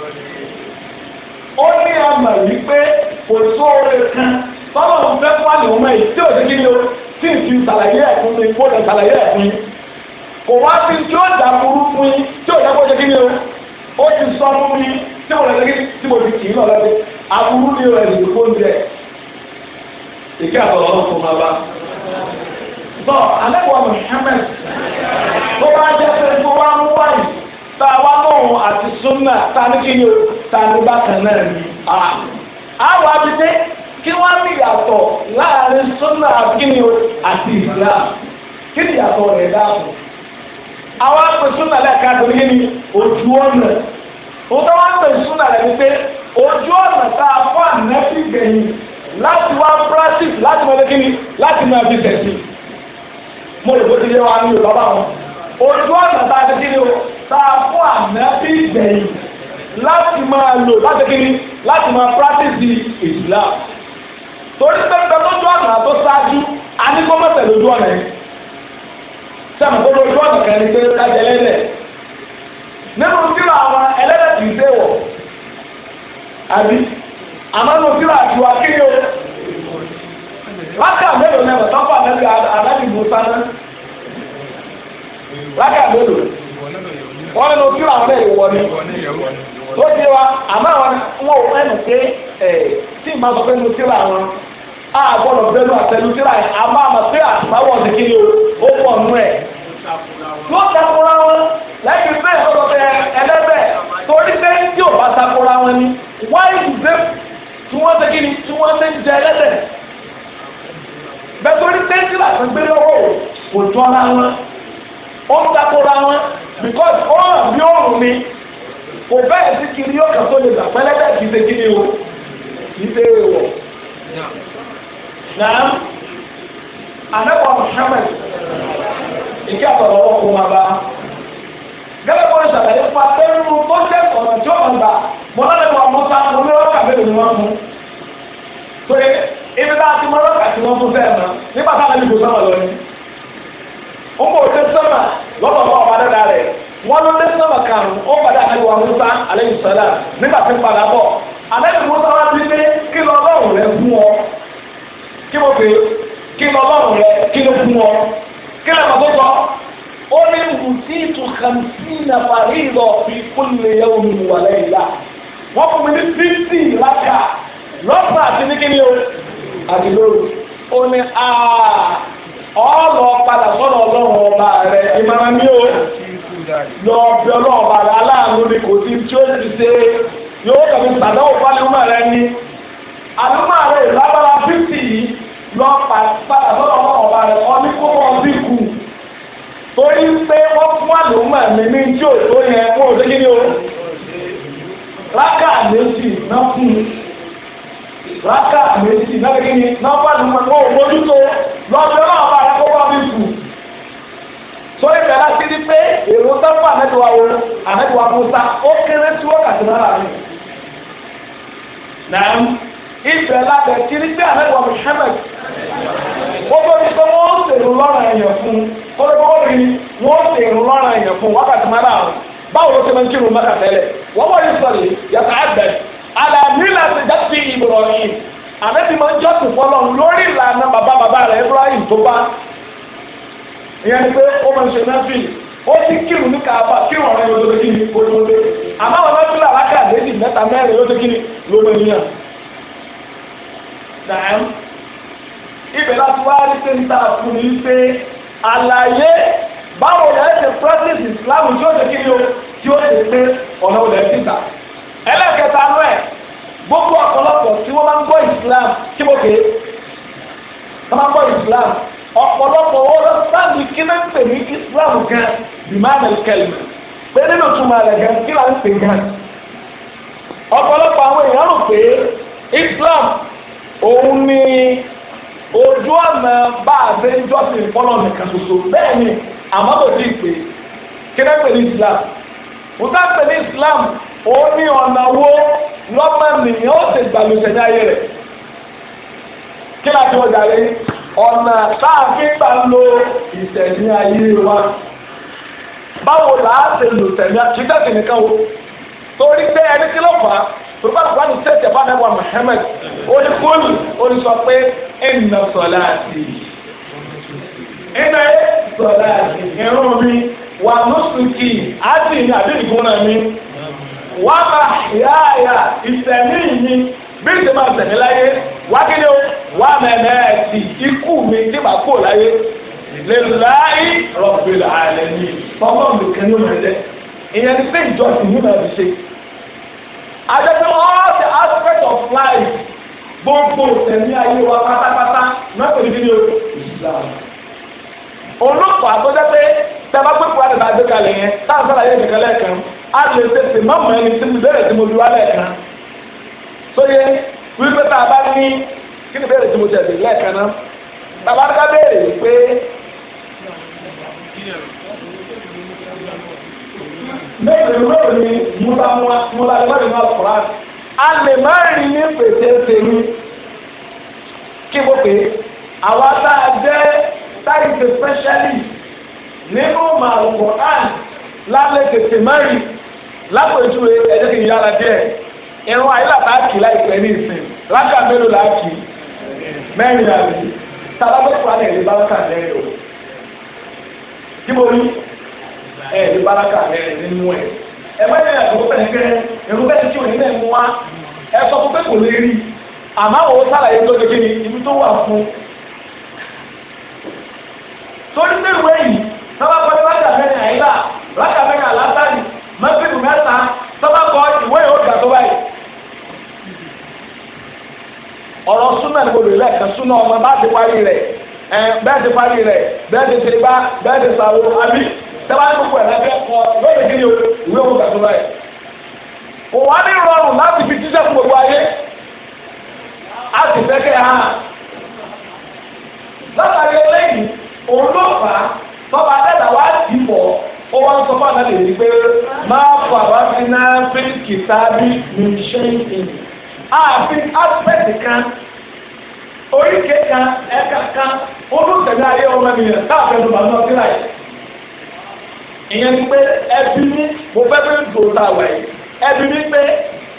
Speaker 2: ó ní àmà wípé kò sóore kan báwo ló fẹ́ fún àlè ọmọ yìí tí ò sí kí ni o tí ì fi ṣàlàyé ẹ̀ fún mi kó lè ṣàlàyé ẹ̀ fún yín kò wá sí tí ó dà burú fún yín tí ò dá kó ṣe kí ni o ó ti sọ fún mi tí mo lè ṣe kí tí mo fi kì í lọ lọ́dẹ aburú ni o rẹ̀ kó ń jẹ ìkí àtọ̀rọ̀ náà fún wa bá bọ́ alẹ́ wa Muhammad tó bá jẹ́ pé tó bá mú tá a wá lóhùn àti súnà tá a ní kí ni o tá a ní bákan náà ni a. àwọn abidé kí wọ́n ní ìyàtọ̀ láàrin súnà kí ni o àti ìsìlá kí ni ìyàtọ̀ rẹ̀ dáàbò. àwọn apè súnà lẹ́ka tó ní kí ni ojú ọ̀nà òun tó wá ń pè súnà rẹ̀ ni pé ojú ọ̀nà tá a fọ́ ànẹ́bí gbẹ̀yìn láti wá practice láti mọ̀ lẹ́kìnní láti mọ̀ ẹbí tẹ̀sí. mo lè bó ti yẹ wa ní Yorùbá báwọn ojú ọ̀nà tá a ti kiri o tá a fún ànábì gbẹ̀yìn láti máa lò láti kiri láti máa pírátìsì ìsìlá torí pẹ́pẹ́ lójú ọ̀nà tó ṣáájú a ní kó mọ̀tẹ̀ lójú ọ̀nà yẹn sẹ́mi kó lójú ọ̀nà kan ní pé kájẹ lẹ́lẹ̀ nínú kíló àwọn ẹlẹ́dẹ̀ kì í dé wọ̀ àbí àmọ́ nínú kíló àti wa kí ni o láti àmẹ́lò náà tọ́pọ̀ àmẹ́lò àdájú ìbò sáná. rákà mélòó wọ́n nínú tí àwọn náà ni ti wa àmọ́ àwọn wọn ò pé tí sọ pé a gbọ́dọ̀ bẹ́lú àtẹnu tí àwọn àmọ́ àmọ́ pé àtìmáwọ̀ ti kiri o ó pọ̀ nù ẹ̀ yóò takora wọn lẹ́yìn bẹ́ẹ̀ ọ̀rọ̀ bẹ́ẹ̀ ẹlẹ́bẹ̀ torí pé yóò bá takora wọn ni wáyé ìdè tí wọ́n ti kiri tí wọ́n ti ó ń takora wọn because ó hàn bí òòrùn ni kò bẹ́ẹ̀ sí kiri yóò kàn tó lè gbà pẹ́lẹ́tẹ̀ kì í ṣe kí ni o kì í ṣe èèwọ̀. Nàá àdẹ́kọ̀ Mohammed ìkí àtọ̀rọ̀ ọkọ̀ máa bá. Gẹ́gẹ́ bó ń ṣàlàyé fún abẹ́rú tó jẹ́ ọ̀nà tí ó ń gbà mọ́ lọ́dẹ̀ wọn mọ́ sá mélòó ni wọ́n mú. Pé ibi bá a ti mọ tí wọ́n mú fẹ́ẹ̀ mọ́ nígbà táwọn ẹni kò sáwọn ọmọ òde sọ́mà lọ́bọ̀ bá ọba dáadáa rẹ̀ wọ́n ló dé sọ́mà kan ó padà àlejò àwọn musa aleyhi sọ́lá nígbà tí ń padà bọ̀ alejò musa wá sí pé kí lọ ọlọ́run rẹ fún ọ kí mo pè kí lọ ọlọ́run rẹ kí ló fún ọ kí lọ bàbá sọ ó ní wùtí tu kàmsí na parí lọ fi kúlè yẹwò mi wà lẹ́yìn la wọ́n fún mi ní fífì lákà lọ́sà àti ní kíni o àdìlóru ó ní aaa. ọlọ padà sọ́dọ̀ ọlọ́run ọba rẹ ìmọ̀ràn mi ò
Speaker 1: lọ rẹ aláàánú ni
Speaker 2: kò tí ó ti ṣe yóò tẹ̀lé sàdá òkú àlùmọ̀ rẹ ni àlùmọ̀ rẹ̀ lábára fífì yìí lọ padà sọ́dọ̀ ọlọ́run ọba ní kó wọn bí kù torí pé wọ́n fún mi ní tí ò tó yẹ kó o ṣe kí ni o rákà rákà méjì na kí ni nọ́mbà ní pẹ̀lú òmójútó lọ́jọ́ náà bá rẹ kókó mi kù. sórí ìbẹ̀rẹ̀ sí ni pé èrò sáfà àmẹ́tiwa wo àmẹ́tiwa musa ó kéré tí wákàtí náà rà mí. nàá ìfẹ́ lábẹ́ kí ni pé àmẹ́tiwa Muhammad gbogbo ti sọ wọ́n ṣèrò lọ́rọ̀ ẹ̀yẹ̀ fún kọ́lọ́kọ́lọ́ rí wọ́n ṣèrò lọ́rọ̀ ẹ̀yẹ̀ fún wákàtí máa báwo ló ṣe máa àlàmílà ti dá Ibrahim àmẹ́bí máa ń jọ́sìn fọlọ́ lórí ìlànà bàbá bàbá rẹ̀ Ibrahim tó bá ìyẹn ni pé ó máa ń ṣe náà fìlì ó ti kírun ní kaaba kírun ọ̀rẹ́ yóò dókè kíni kótóde àmọ́ àwọn ọmọ ìpínlẹ̀ alákà méjì mẹ́ta mẹ́rin yóò
Speaker 1: dókè kíni lóko ènìyàn.
Speaker 2: Dàám ibẹ̀ láti wá rí pé níta fún mi pé àlàyé báwo lẹ́yìn ti practice Islam tí ó dókè kíni o tí ó lè pé ọ̀nà ò lẹ́yìn ti ẹlẹ́kẹta lọ ẹ̀ gbogbo ọ̀pọ̀lọpọ̀ tí wọ́n máa ń gbọ́ Islam kí mo kéé wọ́n máa ń gbọ́ Islam ọ̀pọ̀lọpọ̀ wọn lọ sáàbì kí ló ń pè ní Islam gan bimane kẹlẹ pé nínú túmọ̀ rẹ̀ gan kí ló ń pè gan ọ̀pọ̀lọpọ̀ àwọn èèyàn rò pé Islam òun ni ojú ọ̀nà bá a ṣe ń jọ́sìn fọ́nà nìkan ṣoṣo bẹ́ẹ̀ ni àmọ́ kò tí ì pè kí ló Islam òun tá ń pè ní Islam. ó ní ọ̀nà wo lọ́mọ nìyẹn ó ti gbàlùsẹ̀ ní ayé rẹ̀ kí láti ọjà rẹ̀ ọ̀nà káàfin gbà lo ayé wa báwo là á ṣe lò tẹ̀lé o torí pé ẹni tí ló fà á tó bá ní tẹ̀sí ẹ̀fọ́ àdàbọ̀ olùsọ pé sọ̀lá àti sọ̀lá àti mi wà lóṣù kì wà á máa yá àyà ìsẹ̀mí mi bí ìṣe máa sẹ̀mí láyé wà á kéde wà á mẹ́mẹ́ ẹ̀sì ikú mi tí màá kó láyé lè láyé rọ̀bìlà àlẹ́ mi ọmọ mi kàn ní òun rẹ̀ ìyẹn ti pé ìjọsìn ní màá fi ṣe. àjọṣe all the aspects of life gbogbo ìsẹ̀mí ayé wa pátápátá náà kò ní kí ni o Islam olùkọ́ àtọ́jọ́ pé tẹ́ bá pé kúrò àdìbò àdìbò kalẹ̀ yẹn táwọn sọ́la yẹn nìkan lẹ́ẹ̀kan a lè tètè má mọ ẹni tí mo bẹ̀rẹ̀ tí mo fi wálẹ̀ kan sóye wípé tá a bá ní kí ni bẹ̀rẹ̀ tí mo tẹ̀lé lẹ́ẹ̀kan náà bàbá ká béèrè pé mẹ́rin mẹ́rin múlá múlá mẹ́rin náà kọ́ra a lè má rìn ní pèsè tèmi kí wọ́n pè é àwa tá a jẹ́ táyì ṣe specialist nínú màlúkọ̀ án lálẹ́ tètè mẹ́rin lápèjúwe ẹjẹ kì í yára díẹ̀ irun àyílà tá a kì láìpẹ́ ní ìsìn lákà mélòó là á kì mẹ́rin àbí sálábẹ́kù á lè rí bálákà mẹ́rin o díbò rí ẹ̀ rí bálákà mẹ́rin nínú ẹ̀ ẹ má yẹ ẹ̀rọ bẹ́ẹ̀ kẹ́ ẹ̀rọ bẹ́ẹ̀ tí o náà mú wa ẹ sọ fún pé kò lè rí àmọ́ àwọn ó sàlàyé tó ṣe kíni ibi tó wà fún torí pé ìwé yìí sábà pẹ́ lákà mẹ́rin àyílà lákà mẹ́rin àlásàlì na mẹ́ta sábà kọ ìwé yóò tó báyìí. ọ̀rọ̀ súnà ni mo lò lẹ́ẹ̀kan súnà ọmọ bá ti parí rẹ̀ bẹ́ẹ̀ ti parí rẹ̀ bẹ́ẹ̀ ti bá bẹ́ẹ̀ ti sàwọ́ àbí sábà ẹ̀ kọ ìwé ìwé tó báyìí. kò wá ní rọrùn láti fi fún gbogbo ayé ó wá ń sọ fún àná lèyí pé máa fọ àbáfi náà fi kìtà bí nìṣẹ́ ìhìn ààfin aspect kan oríkè kan ẹ̀ka kan olùtẹ̀lé ayé ọmọ ènìyàn táàfẹ́ ló bá lọ sí láyé ìyẹn ni pé ẹbí ní mo fẹ́ fi ń dò tá yìí ẹbí ní pé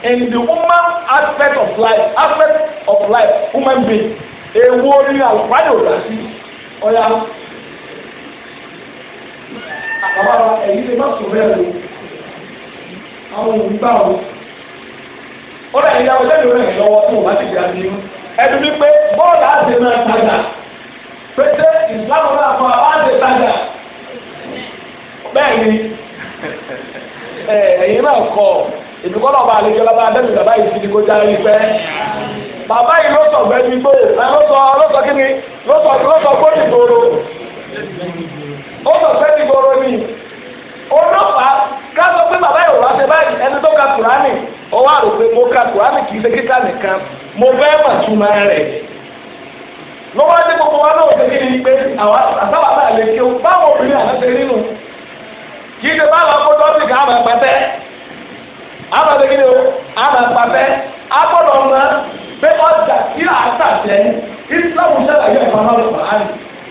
Speaker 2: in the human aspect of life aspect of life human being èwo ni àlùfáàdì ò dá sí ọ̀ya. bàbá wa ẹ̀yìn lè má sùn bẹ́ẹ̀ o àwọn òbí bá wọn. ó rẹ̀ ẹ̀yìn àwọn ẹlẹ́rìí rẹ̀ lọ́wọ́ tó wọ́n bá ti gbà bínú. bọ́ọ̀lù àti tajà pété ìsìlámù náà fún wa tajà bẹ́ẹ̀ ni ẹ̀yìn náà kọ̀ àlejò lọ́ba adẹ́nu yìí pẹ́ bàbá yìí ló sọ bẹ́ẹ̀ ló sọ ló sọ kí ni ló sọ ló sọ gbòòrò. ó sọ gbọ́rọ̀ ni ọlọ́pàá ká sọ pé bàbá yorùbá ṣe báyìí ẹni tó ka kùránì ó mo ka kùránì kì í ṣe kíkà nìkan mo fẹ́ mà túmọ̀ rẹ̀ lọ́wọ́ ẹni gbogbo wa náà ṣe pé lè kí o báwọn obìnrin àná ṣe rí nù kì í ṣe báwọn akọ́tọ́ ká àmà pàtẹ́ àmà ṣe o àmà pàtẹ́ agbọ́dọ̀ pé ọjà a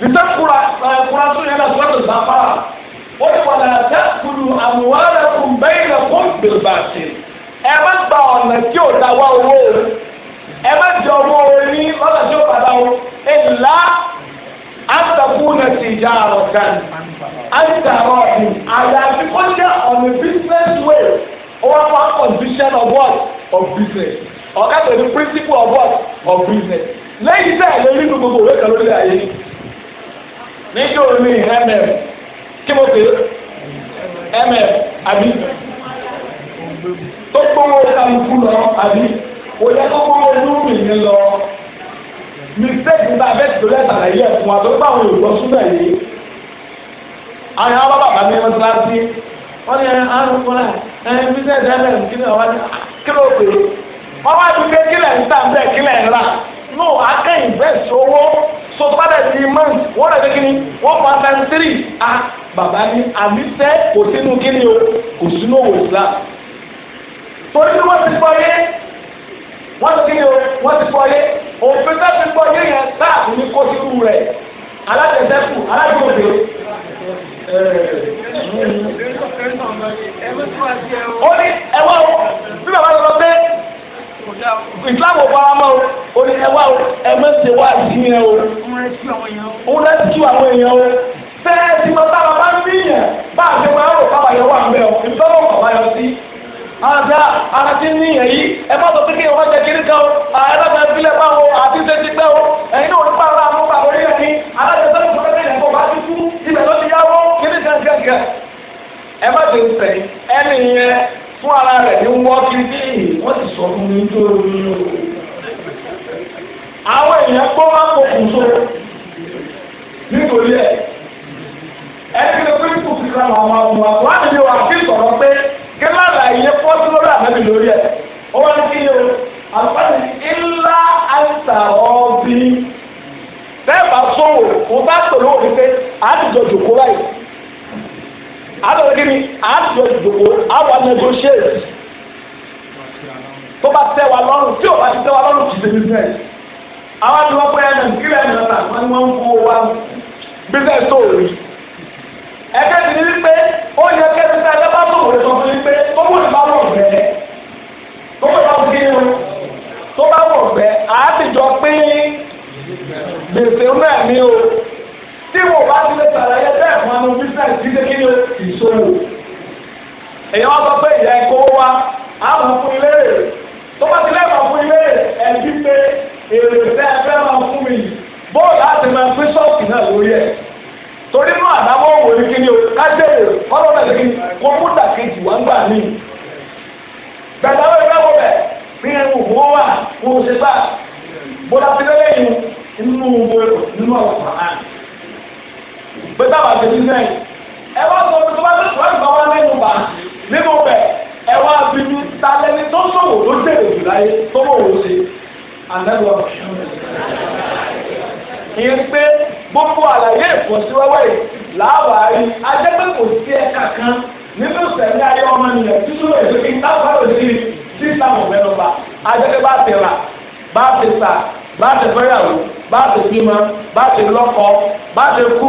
Speaker 2: bisa kura kura sun yana zuwa zafara wani wala ta kudu amuwara kun bai na kun
Speaker 1: bilbasi
Speaker 2: ẹ má gba ọ̀nà tí ò da wá owó o ẹ má jẹ owó orí lọ́nà tí ó padà o èlà àtàkùn náà ti business way over one condition of what of business ọ̀ká pẹ̀lú principle of what of business lẹ́yìn tẹ̀ lórí gbogbo òwe kan lórí ayé yìí níjọ́ mi mm tí mo pè é mm àbí tó gbówó kálukú lọ àbí kò yẹ kó gbówó lúmi yẹn lọ mistake nígbà bẹ́ẹ̀ tó lẹ́sà láyé ẹ̀ fún wa tó gbà wọn ìgbọ́ súnbẹ̀ yìí àwọn yàrá bàbá bàbá mi wọ́n ti láti wọ́n ní àrùn fúnra ẹ̀ business ẹ̀ lẹ́nu kí ni ọ̀wá ní kí ló pè é wọ́n wá ju pé kílẹ̀ ń tà kílẹ̀ ń no akẹ́ invest owó so padà sí month wọ́n rẹ̀ kékeré wọ́n pa ten three a ah, bàbá ní àbísẹ́ kò sínú kíni o kò sínú òwò islam torí bí wọ́n ti gbọ́ yé wọ́n ti kíni o wọ́n ti gbọ́ yé òfin náà ti gbọ́ yé yẹn láàbù ní kó sínú
Speaker 1: rẹ̀ alátẹ̀sẹ́kù aládùúgbò
Speaker 2: ó ní ẹ̀wọ́n bí bàbá lọ sọ pé
Speaker 1: islam
Speaker 2: ò bára mọ́ o ní ẹwà o ẹ mẹ́sẹ̀ wá sí yẹn o òun rẹ́síkì àwọn èèyàn o fẹ́ẹ́ tí wọ́n bá wọn bá ń bí yẹn bá a ṣe máa ń rò káwá yẹn wà ń bẹ̀ o ìfọwọ́ kọ̀ bá yọ sí. àdá ara ti ní yẹn yìí ẹ má sọ pé kí ìwọ́n jẹ kiri kan o
Speaker 1: ààrẹ bẹ fílẹ̀ bá wo àti ṣe ti pẹ́ o ẹ̀yin náà nípa ara àwọn ọmọ orí yẹn ni aláṣẹ tó ń sọ pé ẹ̀yìn kò bá ti kú ibẹ̀ ló ti
Speaker 2: yáwó kiri gàgàgà ẹ má ṣe ń sẹ́yìn ẹni yẹn fún ara rẹ̀ ní wọ́n kiri bíi wọ́n sì sọ fún mi tó rí àwọn so nítorí ẹ̀ ẹni kí ló pé kò fi ra àwọn wa wọ́n á nílò àfi sọ̀rọ̀ pé kí má là yẹ pọ́sí lórí àbẹ́bí lórí ẹ̀ ó wá ní kí ni o àlùfáàsì ńlá àìsà ọ̀bí bẹ́ẹ̀ bá àbẹ̀wò kí ni àbẹ̀wò ìdòwò àwọn negotiate tó bá tẹ́ wa lọ́rùn tí ò bá ti tẹ́ wa lọ́rùn kì í ṣe business àwọn àti wọn pé ẹ nàìjíríà nàìjíríà wọn ni wọn ń fún wa business tó rí ẹgbẹ́ ti ní wípé ó yẹ kẹ́sì tá a lọ́ba tó wòlé sọ fún wípé tó wù ní bá wọ̀ bẹ́ẹ̀ tó wù lọ sí irun tó bá wọ̀ bẹ́ẹ̀ àátìjọ pín gbèsè náà ní o tí wò bá ti lè sàlàyé bẹ́ẹ̀ fún àwọn business ti ṣe kí ni o. ṣòwò èyàn wá sọ pé ìyá ẹ̀kọ́ wa àwọn fún ilé rẹ̀ tó bá ti lẹ́ẹ̀kan fún ilé rẹ̀ ẹ̀bí pé èrè fẹ́ fẹ́ máa fún mi bóòlù àti máa pín náà lórí ẹ̀ torí inú àdámọ́ òwò ní kíni o kájèrè ọlọ́dà gbà mí. bí ẹ wò ẹ wá sọ pé tó bá tó wá gbà wá lẹ́nu bá nínú bẹ̀ ẹ wá bí mi ta lẹ́ni tó sòwò ló tẹ̀lé jù láyé tó mọ̀ wò sí ànágbà ìyẹn pé gbogbo àlàyé ìfọ̀síwẹ́wẹ́ yìí làwárí ajẹ́pẹ́ kò sí ẹ̀ka kan nínú sẹ̀mí ayé ọmọ nìyẹn títún lè ṣe kí táwọn ọ̀rọ̀ sí sí táwọn ọ̀rẹ́ lọ́ba ajẹ́pẹ́ bá ti rà bá ti sà bá ti fẹ́yàwó bá ti bímọ bá ti lọ́kọ bá ti kú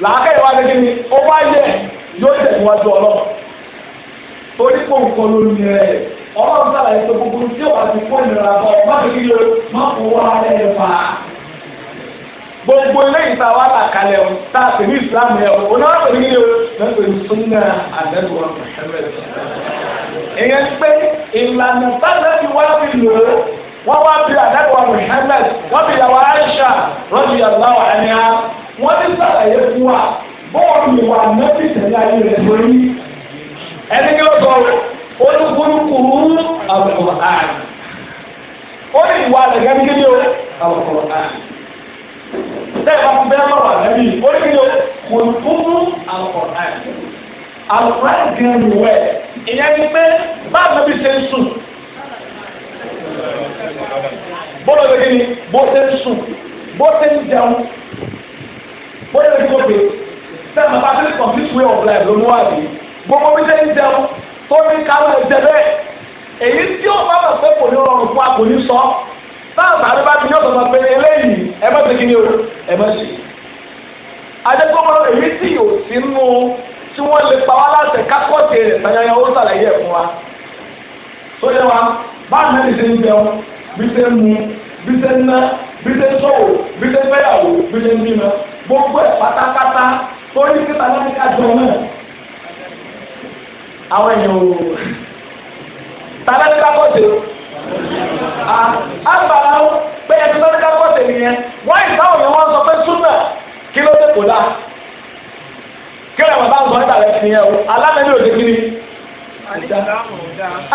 Speaker 2: làákàyè wa ni ó bá yẹ yóò tẹ̀síwájú ọlọ́run torí kò ń kọ́ lórí rẹ̀ ọlọ́run sábà ètò gbogbo tí ti kó ìnira bọ̀ má fi yọ má fò wá fà á. gbogbo là kalẹ̀ o tá a pè ní o pè ní yọ ní sunna ìyẹn pé ìlànà sábà ti wá fi lò ó wọ́n wá bí wọ́n bí Aisha rọ́bì wọ́n ti sàlàyé fún wa bọ́ọ̀lù ìwà nẹ́bí tẹ̀lé ayé rẹ̀ lórí ẹni kí ó sọ olùkúlùkùrù àwòrán ààrẹ ó ní ìwà rẹ̀ gẹ́gẹ́ bí àwòrán ààrẹ tẹ́lẹ̀ bá fún bẹ́ẹ̀ lọ́wọ́ àlẹ́bí ó ní kí ó olùkúlù àwòrán ààrẹ àwòrán gẹ̀ẹ́nù wẹ̀ ìyẹn ni pé báà lẹ́bí ṣe ń sùn bọ́ọ̀lù gẹ́gẹ́ ni bó ṣe ń sùn bó ṣe ń jẹun. wọ́n yẹ kó pé sẹ́mi bá fi complete way of life ló mú wá bí gbogbo bí sẹ́yìn jẹun tó ní káwé ẹ̀jẹ̀ bẹ́ẹ̀ èyí tí ó bá wà pé kò ní rọrùn fún akò ní sọ táwọn sàbẹ̀ bá ti ní ọ̀sán pé eléyìí ẹ má ti kíni o ẹ má ṣe. adékòmọ́ èyí tí yóò sí nù tí wọ́n lè pa wá láti kákọ́ọ̀tì rẹ̀ tàyàyà ó sàlàyé ẹ̀ fún wa. tó yẹ wa báà náà lè ṣe ń jẹun bí ṣe ń mu bí ṣe ń ná bí ṣe ń sọ̀wọ̀ bí ṣe ń fẹ́yàwó bí ṣe ń bímọ gbogbo ẹ̀ pátápátá tó ní kíta láti ká jọ náà àwọn èèyàn ò tàbí ẹni ká kọ́ sí o àgbàlá ó pé ẹni tó ní ká kọ́ sí nìyẹn wọ́n ìsáwọ̀ yẹn wọ́n sọ pé súnà kí ló dé kò dáa kí lè bàbá sọ ẹ̀dá rẹ̀ fi yẹn o alámẹ́lẹ́
Speaker 1: òde kí ni.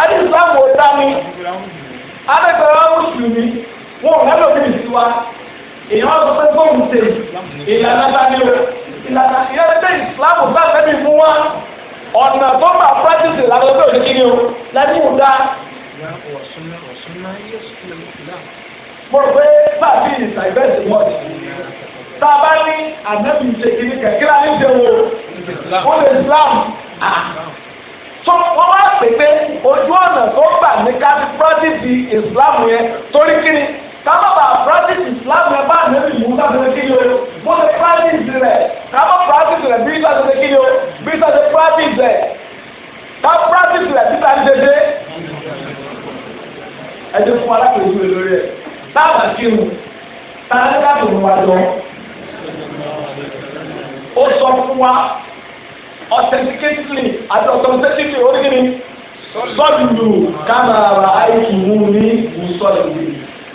Speaker 1: adisilamu
Speaker 2: ọ̀dá ni adisilamu mùsùlùmí wọn ò lẹ́nu òbí mi sí wa èèyàn sọ pé bóun ṣe ìlànà bá ní o ìlànà ìyẹn ṣe ìsìlámù bá fẹ́mi fún wa ọ̀nà tó máa practice ìlànà tó ní kíni o láti wù dá. mo rò pé bàbí
Speaker 1: ìsàgbẹ́sì wọ́ọ̀dì tá
Speaker 2: a bá ní ànábì ṣe kiri kẹ̀kẹ́ láti ṣe
Speaker 1: wo ó lè Islam
Speaker 2: tó wọ́n wá pè pé ojú ọ̀nà tó gbà ní ká practice Islam yẹn torí kíni kábàbà practice islam ẹ bá ànábì mú sáfẹ́ kí ni o mo ṣe practice rẹ̀ kábà practice rẹ̀ bí sáfẹ́ kí ni o bí sáfẹ́ practice rẹ̀ ká practice rẹ̀ títa ń dédé ẹjẹ fún alákòóso lórí ẹ táàbà kírun táàbà kírun wa jọ ó sọ fún wa authenticately àti authentically orí kìíní sọ́dúnlù kámẹ́rà àìkú mú ní ìwúsọ̀lù yìí.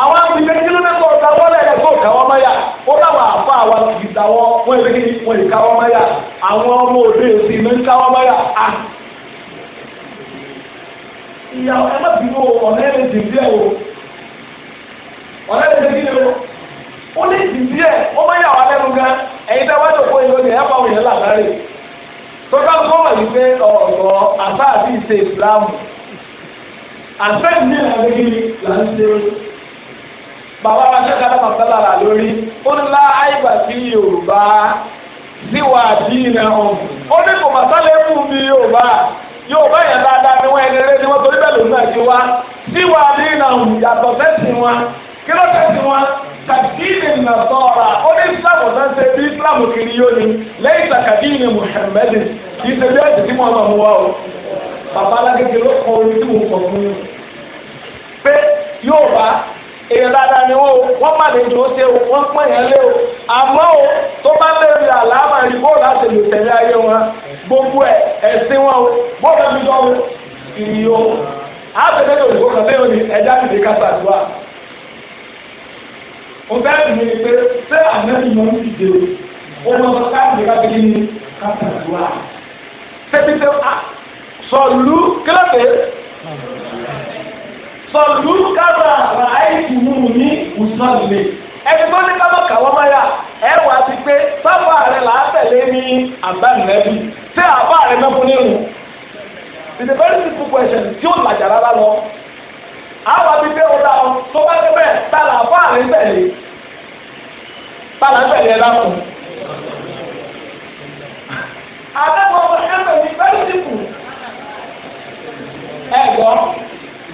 Speaker 2: àwọn àgbègbè kílómítà ọ̀gá wọlé ẹ̀ tó kà wọ́n mẹ́yà ó dáwọ̀ àfa àwọn wọ́n mẹ́yà àwọn ọmọ òde èsì ní mẹ́yà á. ẹ má bínú ọ̀nà ẹ̀ lè o ọ̀nà ẹ̀ lè o ó lè ó wà lẹ́nu gan ẹ̀yin tẹ́ wá lòpọ̀ ìlónìí ẹ̀ fáwọn èèyàn làbárè tó bàbá wa ṣe ká lọ́mọ sọ́lá là lórí ó ń lá àìbà sí yorùbá síwà dínà ọ̀hún ó ní kò màsálẹ̀ mú mi yorùbá yorùbá yẹn dáadáa ni wọ́n ẹni rẹ ni wọ́n torí bẹ́ẹ̀ lòun náà ti wá síwà dínà ọ̀hún yàtọ̀ sẹ́sìn wọn kí ló sẹ́sìn wọn kàdínì nàṣọ́ra ó ní islámù náà ṣe bí islámù kiri yóò ní lẹ́yìn sàkàdínì muhammadin kì í ṣe bí ẹ̀sìn tí wọ́n máa mú o bàbá alágége ló kọ orí tí mo kọ̀ fún yóò bá èèyàn dáadáa ni wọ́n wọ́n má lè ó ṣe o wọ́n pọ̀ yẹn o tó bá bóòlù lè ayé wọn gbogbo ẹ̀ wọn o bóòlù àti jọ o ìrì o àbẹ̀bẹ̀ lè kan bẹ́ẹ̀ kásá o bẹ́ẹ̀ pé ṣé o sọ kásá sọ̀lù kábà ràáìtì mú ní ìsọ̀lẹ̀ ẹni tó ní kábà káwọ́ ti pé sábà rẹ̀ là á tẹ̀lé ní àbánilẹ́bí tí àbá it's a very simple question tí ó làjà rárá lọ àwọn àti pé ó dáa tó bá dé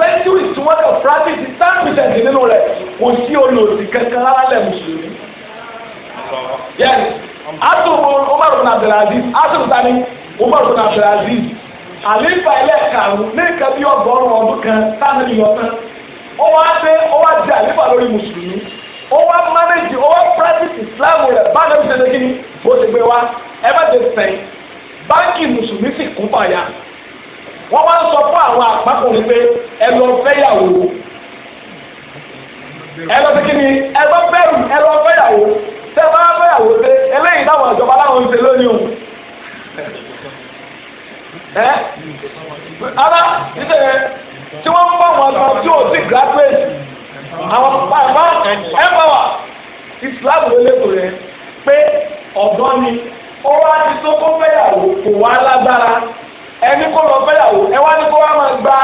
Speaker 2: sẹ́ńtúrì tí wọ́n lọ practice ten percent nínú rẹ̀ kò sí olòsì kankan rárá lẹ̀ mùsùlùmí. yẹ́nì àtúntò Umar bin Abdulaziz àtúntò tani Umar bin Abdulaziz àlééfà ẹlẹ́ẹ̀karùn-ún ní nǹkan bí ọgọ́rùn-ún ọdún kan sáàmì ìyọ̀tán ó wá dé ó wá di àlééfà lórí mùsùlùmí ó wá manage ó wá practice Islam rẹ̀ báńkì ṣe ṣe kí ni bó ti gbé wá ẹ bá ti sẹ́yìn báńkì mùsùlùmí sì kún fàyà wọ́n wá ń sọ fún àwọn àpákùnrin pé ẹ lọ fẹ́yàwó ẹ lọ sí kíni ẹ lọ bẹ̀rù ẹ lọ fẹ́yàwó tẹ bá fẹ́yàwó pé eléyìí táwọn ìjọba láwọn ń ṣe lónìí o ẹ ara ṣíṣe tí wọ́n ń bá wọn lọ tí ò sí graduate àwọn pàpà ẹ bá wà Islam ló lẹ́kọ̀ọ́ rẹ pé ọ̀dọ́ ni ó wá ti tó kó fẹ́yàwó kò wá lágbára. ẹni kó lọ fẹ́yàwó ẹ wá ní kó wá máa gba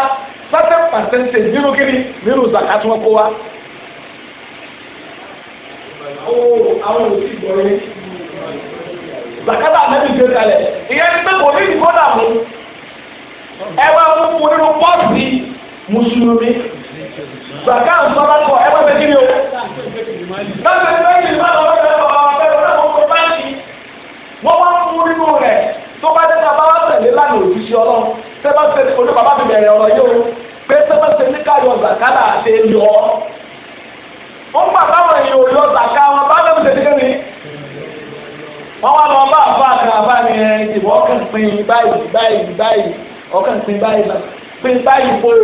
Speaker 2: sátẹ́ pàṣẹ́ntẹ̀ nínú kiri nínú wọn zakata ìyẹn ní pé kò ní náà mú ẹ bá nínú pọ́ọ̀sì mùsùlùmí tó bàbá mi bẹ̀rẹ̀ ọ̀rọ̀ yìí o pé sẹ́fẹ́ ṣe ní káyọ̀ zakala àti yọ ọ́. ó ń bàbá wọn yìí ò yọ zaka wọn bá lẹ́nu ṣe dígẹ́ ni. wọ́n wá lọ bá àbá kan àbá ni ẹ ìdìbò ọkàn pin báyìí báyìí báyìí ọkàn pin báyìí náà pin báyìí bò ó.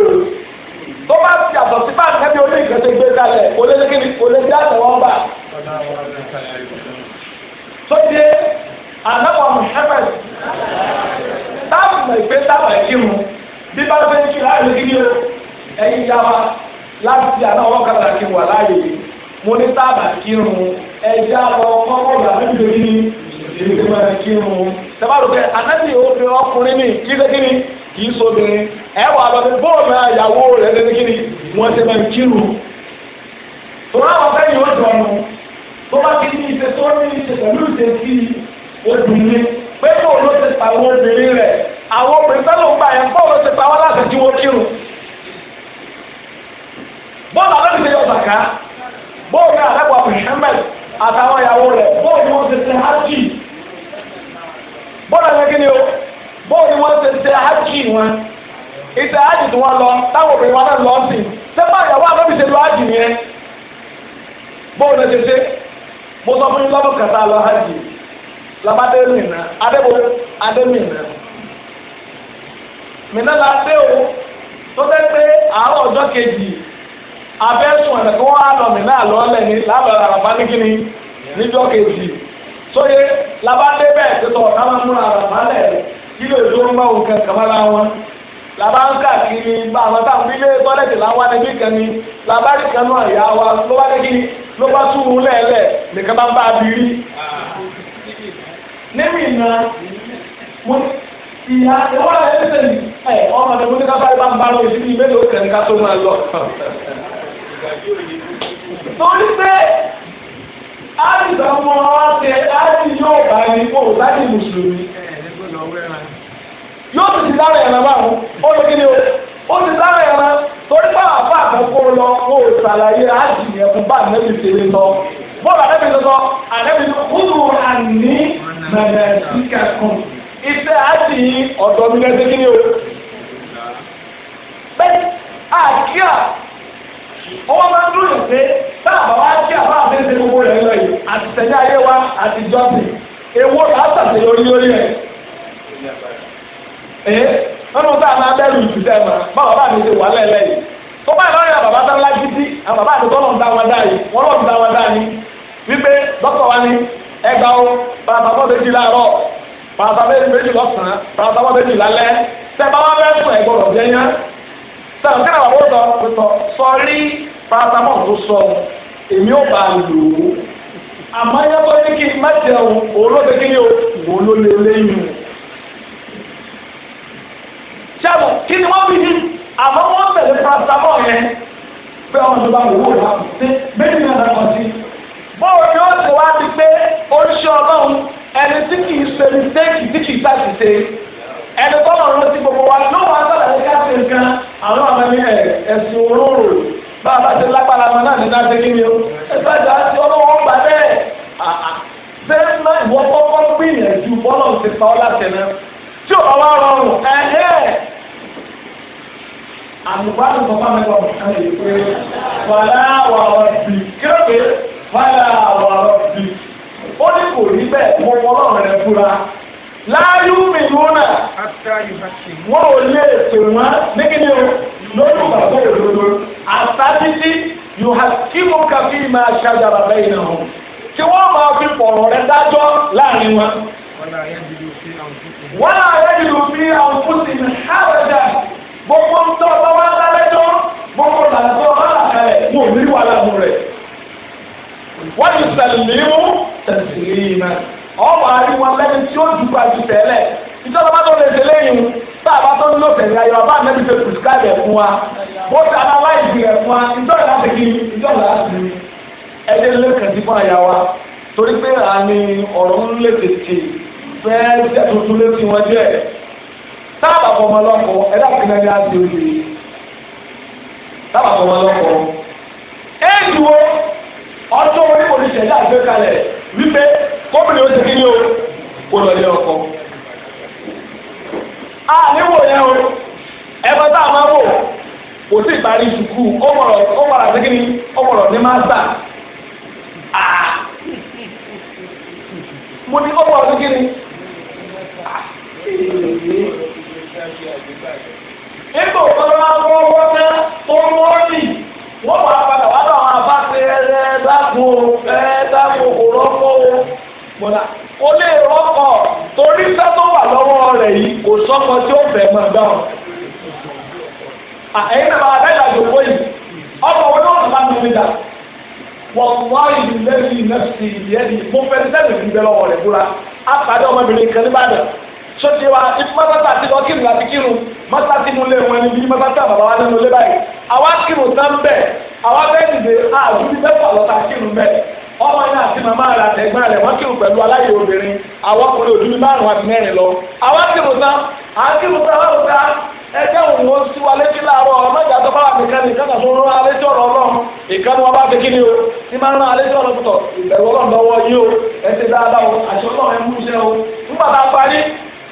Speaker 2: tó bá ti àtọ̀ sí bá àtẹ́bí orí ìgbésẹ̀ gbé kalẹ̀ olédèkìní olédè àtẹ̀wọ́n bá. tó dé anáwó Muhammad táàmù ìgbé táàmù ẹ̀kí mu bí bá fẹ́ kí láàyè gidi o ẹ̀yin ya wa láti ti àná ọwọ́ kan láti wà láàyè mo ní sábà kírun ẹ̀já lọ kọ́kọ́ rà níbi kí ni èmi ti máa kírun. sábàlù kẹ anábì òfin ọkùnrin mi kí lé kí ni kì í sobìnrin ẹ wà lọ sí bóòlù àyàwó rẹ lé kí ni wọ́n ti máa kírun. tòun àwọn fẹ́yìn ó dọ̀nù tó bá ti ní ìṣe tó ní ìṣe pẹ̀lú ìṣe sí obìnrin pé kí òun ló ti pàwọn obìnrin rẹ̀. àwọn obìnrin sẹ́lẹ̀ ń gbà yẹn bọ́ọ̀lù ti pa wọ́n láti jí wọ́n kírun bọ́ọ̀lù alẹ́ ti yọ sàká bọ́ọ̀lù àdàgbà Muhammad àtàwọn ìyàwó rẹ̀ bọ́ọ̀lù wọn ti ṣe hajj bọ́ọ̀lù alẹ́ kí ni o bọ́ọ̀lù wọn ti ṣe hajj wọn ìṣe hajj tí wọ́n lọ táwọn obìnrin wọn náà lọ sí sẹ́pà ìyàwó àdàbí ṣe lọ hajj yẹn bọ́ọ̀lù ẹ̀ ti ṣe mo sọ fún yín lọ́dún kẹta lọ hajj labadé mìíràn adébó adé mìíràn. mìíràn la dé o tó dé pé àárọ̀ ọjọ́ kejì abẹ́sùn ẹ̀sẹ̀ kí wọ́n á lọ mìíràn lọ́ọ́lẹ̀ ní lábẹ́rẹ́ àràbá ní kíni níjọ́ kejì sóye labadé bẹ́ẹ̀ tó tọ̀ ká máa múra àràbá lẹ̀ kí lè tó ń bá òun kẹ kàmára wọn làbá ń káàkiri bá àwọn táwọn ilé tọ́lẹ̀tì láwọn ẹbí kan ni làbá rí kanú àyà wa ló bá dé kí ló bá tún un lẹ́ẹ̀lẹ̀ nìkan bá ń bá a bí rí. níbi ìná mo ìyá ìwọ́n ẹ̀ ń sèyí ẹ̀ ọmọ ọdún múlẹ̀ káfá ibà ń bá lọ ìdí ìwé ló tẹ̀lé ká tó máa lọ. torí pé àdìsá wọn wá ṣe àdì yóò bá ní kó láti mùsùlùmí. yóò ti ti lára ẹ̀rọ báwọn ó lè kí ni o ó ti lára ẹ̀rọ torí báwa bá àkọ́kọ́ lọ kó o ṣàlàyé àdì yẹn fún bá àdìmẹ́bí ṣe lé lọ. bọ́ọ̀lù àdìmẹ́bí sọ àdìmẹ́bí kúrò àní mẹ̀rẹ̀ síkà kan. iṣẹ́ àti ọ̀dọ́ mi lẹ́sẹ̀ o. bẹ́ẹ̀ kí àbá àtẹ̀sẹ̀ gbogbo rẹ̀ lọ yìí àti tẹ̀lé ayé wa àti lórí lórí ee tá a máa bẹ̀rù ìtúsẹ̀ mọ́ báwa bá mi wà yìí tó bá ìlọrin tá àbàbá àti tọ́lọ̀ ń dá wọn dá yìí wọ́n lọ́ọ̀ ń dá wọn pàtàkì méjì méjì lọ́sàn-án pàtàkì méjì lálẹ́ sẹ́ẹ̀bá wá fẹ́ sùn ẹ̀gbọ́dọ̀ bí ẹyán sẹ́ẹ̀bá kí náà wọ́n sọ pẹ̀tọ̀ sọrí pàtàkì tó sọ èmi ò bá lò ó àmọ́ yẹ́bọ́ ní kí má jẹun olóde kí ni o wò ló lè léyìn o. sẹ́ẹ̀bù kí ni wọ́n fi ní àmọ́ wọ́n tẹ̀lé pàtàkì yẹn pé ọmọ ìjọba kò wò wá méjì náà dàgbà sí. bọ́ọ̀ ni ó ti wá ti pé oríṣi ẹni tí kì í ṣe mistake tí kì í ṣàṣìṣe ẹni tọ́lọ̀ ló ti gbogbo wa ló wà sọ̀rọ̀ ní káṣí nǹkan àwọn ẹ̀sùn bá a bá náà kí ni o ẹgbẹ́ ìjà ti ọlọ́wọ́ gbà bẹ́ẹ̀ ṣé ìwọ kọ́kọ́ gbìyànjú bọ́lọ̀ ti ọ́ láti ẹ̀ tí ò rọrùn ẹ̀hẹ́ tó sọ fáwọn ẹgbẹ́ ọ̀hún ó ní kò rí bẹ́ẹ̀ mo mọ ọlọ́run rẹ fúra láyú mi lónà wọn ò lè pè wọn ní kí ni o lórí ìgbàgbọ́ òdodo àtàtítí yóò hà máa ṣàjàrà bẹ́ẹ̀ náà o tí wọ́n máa fi pọ̀rọ̀ rẹ dájọ́ láàrin wọn.
Speaker 1: wọ́n á yẹ ìlú bí àwọn fúnṣin àwẹ̀dà
Speaker 2: gbogbo ń tọ́ ọ bá wá lálẹ́jọ́ gbogbo làlẹ́ tó wà láàrin rẹ̀ mo ò ní wàhálà mu rẹ̀ wọ́n ti sẹ̀lẹ̀mú
Speaker 1: tẹ̀sílímà
Speaker 2: ọ̀pọ̀ àríwọ̀ lẹ́ni tí ó dùgbà ju tẹ̀lẹ̀ ìjọba bá tó lè tẹ̀lé yìí tá a bá tó nílò tẹ̀lé ayọ̀ bá nẹ́bi tó prescribe ẹ̀ fún wa bó ti analyze ẹ̀ fún wa ìjọba láti kí ìjọba láti ẹdẹ lẹ́kàn sí fún àyà wa torí pé àní ọ̀rọ̀ ń lè tètè fẹ́ẹ́ jẹ́ tuntun létí wọn jẹ́ táàbà fọmọ lọ́kọ̀ ọjọ́ oníkòlíṣẹ̀ ní àgbékalẹ̀ wípé gómìnà ó ti kí ni o
Speaker 3: kò
Speaker 1: lọ o, ọkọ.
Speaker 2: a níwò yẹn o a máa wò kò sí ìparí sùkúù ó mọ̀rọ̀ ó mọ̀rọ̀ àti kí ó mọ̀rọ̀ ní mástà mo ní
Speaker 1: wọ́n wà padà wà lọ àwọn abá pé ẹ dákun ẹ dákun kò
Speaker 2: rọ́pò mọ̀nà ó lè rọ́pò torí sẹ́ tó wà lọ́wọ́ rẹ̀ yìí kò sọ́kọ tí ó fẹ́ mọ̀ gbà ọ́. àyìn náà máa dájà jòkó yìí ọmọ wọn náà bá mi dà wọ́n wá ìlú lẹ́yìn ìmẹ́sì ìyẹ́dì mo fẹ́ sẹ́yìn ìgbẹ́ lọ́wọ́ rẹ̀ búra á pàdé ọmọbìnrin kan níbàdàn sọ́tì wa mọ́tàtà àti lọ́kìnrin àti kírun mọ́tàtì mo lé wọn níbi mọ́tàtà bàbá wa nínú lé báyìí àwa kírun tán bẹ́ẹ̀ àwa bẹ́ẹ̀ dìde àdúgbò mẹ́fà lọ́ta kírun bẹ́ẹ̀ ọmọ yẹn àti màmá rẹ̀ àtẹ̀gbọ́n rẹ̀ wọ́n kírun pẹ̀lú aláyè obìnrin àwọn ọkùnrin òdúdú márùn-ún àti mẹ́rin lọ àwa kírun tán àkírun tán wà lóta ẹgbẹ́ òun ó sí wa létí láàárọ̀ ọlọ́jà tó bá wà nìkan nìkan kan tó ń rán alẹ́ tí ọ̀rọ̀ ọlọ́run ìkan ni bá fi kí ni o ní máa ń rán alẹ́ tí ọ̀rọ̀ pọ̀tọ̀ ìbẹ̀rù ọlọ́run lọ́wọ́ yìí o ẹ ti dáadáa o àṣọ ọlọ́run ẹ mú iṣẹ́ o nígbà tá a parí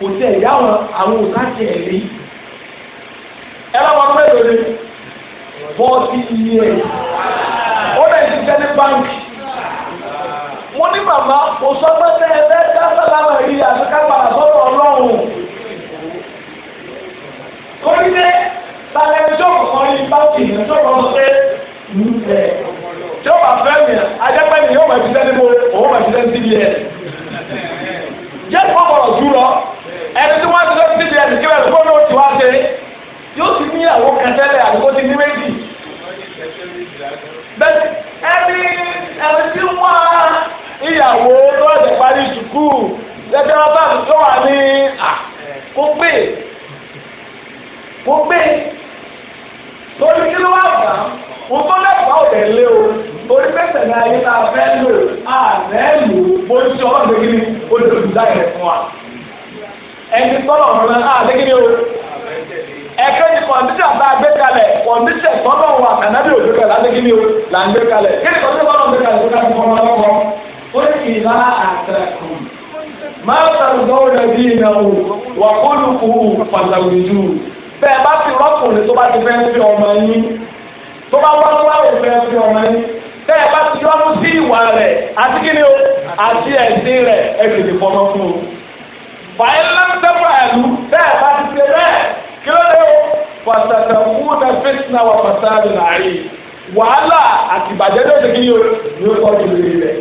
Speaker 2: kò tẹ ìyá wọn àwọn òkà tẹ ẹ rí ẹ bá wọn pẹ́ lórí bọ́ọ̀tì yìí ẹ̀ ó lè ti tẹ́ ní báńkì mo ní màmá kò sọ pé tẹ ẹ bẹ́ẹ̀ dá sálámà rí àti kápára sọ́dọ̀
Speaker 1: ọlọ́run torí pé
Speaker 2: tàlẹ́ ẹjọ́ kọ̀ọ̀kan ní báńkì yẹn sọ̀rọ̀ ọ pé
Speaker 1: ẹ̀ tí ó bá fẹ́ mi ajẹ́pẹ́ mi yóò máa ti
Speaker 2: tẹ́ mo òun máa ti tẹ́ sí ẹ̀ jẹ́ kó bọ̀rọ̀ ẹni tí wọ́n ti lọ sí ibi ẹ̀sìn kílẹ̀ lóko náà ti wá ṣe yóò ti ní àwọn kẹtẹ́lẹ̀ àdúgbò ti ní méjì. bẹ́ẹ̀ ẹni ẹni tí wọ́n ìyàwó lọ́ọ̀dẹ̀ parí sùkúù lẹ́tẹ̀ wọn bá tó wà ní kó gbé kó gbé torí kí ló wà gbà mo tó lẹ́kọ̀ọ́ ọ̀dẹ̀ lé o torí pẹ̀sẹ̀ náà yín náà fẹ́ lò àná ẹ̀ lò mo ń ṣe ọlọ́dẹ̀ kí ni o lè lù fún wa. ẹni tọ́lọ̀ ọ̀rọ̀ náà ah, o ẹ̀kẹ́ ni kọ̀ǹdíṣà bá gbé kalẹ̀ kọ̀ǹdíṣà tọ́lọ̀ wà kànábì òjò kalẹ̀ ah, o là ń gbé kalẹ̀ kí ni kọ̀ǹdíṣà tọ́lọ̀ gbé kalẹ̀ ó máa tẹ̀lé gbọ́wọ́ rẹ̀ bí ìnáwó wà kó lu pàtàkì jù bẹ́ẹ̀ bá ti tó bá ti fẹ́ fi ọmọ yín tó bá wá fẹ́ fi ọmọ yín bẹ́ẹ̀ bá ti sí ìwà rẹ̀ àti kí ni fàyín lẹ́mítẹ́fà ẹ̀lú bẹ́ẹ̀ bá ti ṣe bẹ́ẹ̀ kí ló na fẹ́sìnà wà pàtàkì láàrin wàhálà àti ìbàjẹ́ ló ṣe ni o ní o kọ́ ju lórí rẹ̀.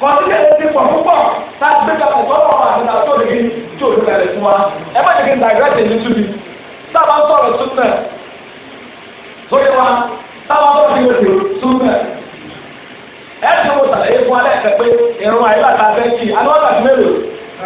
Speaker 2: kọ́sílẹ̀ ti pọ̀ púpọ̀ láti gbé kalẹ̀ tó lọ́wọ́ àti ìdá tó lèkí tó lè kalẹ̀ fún wa ẹ má lè kí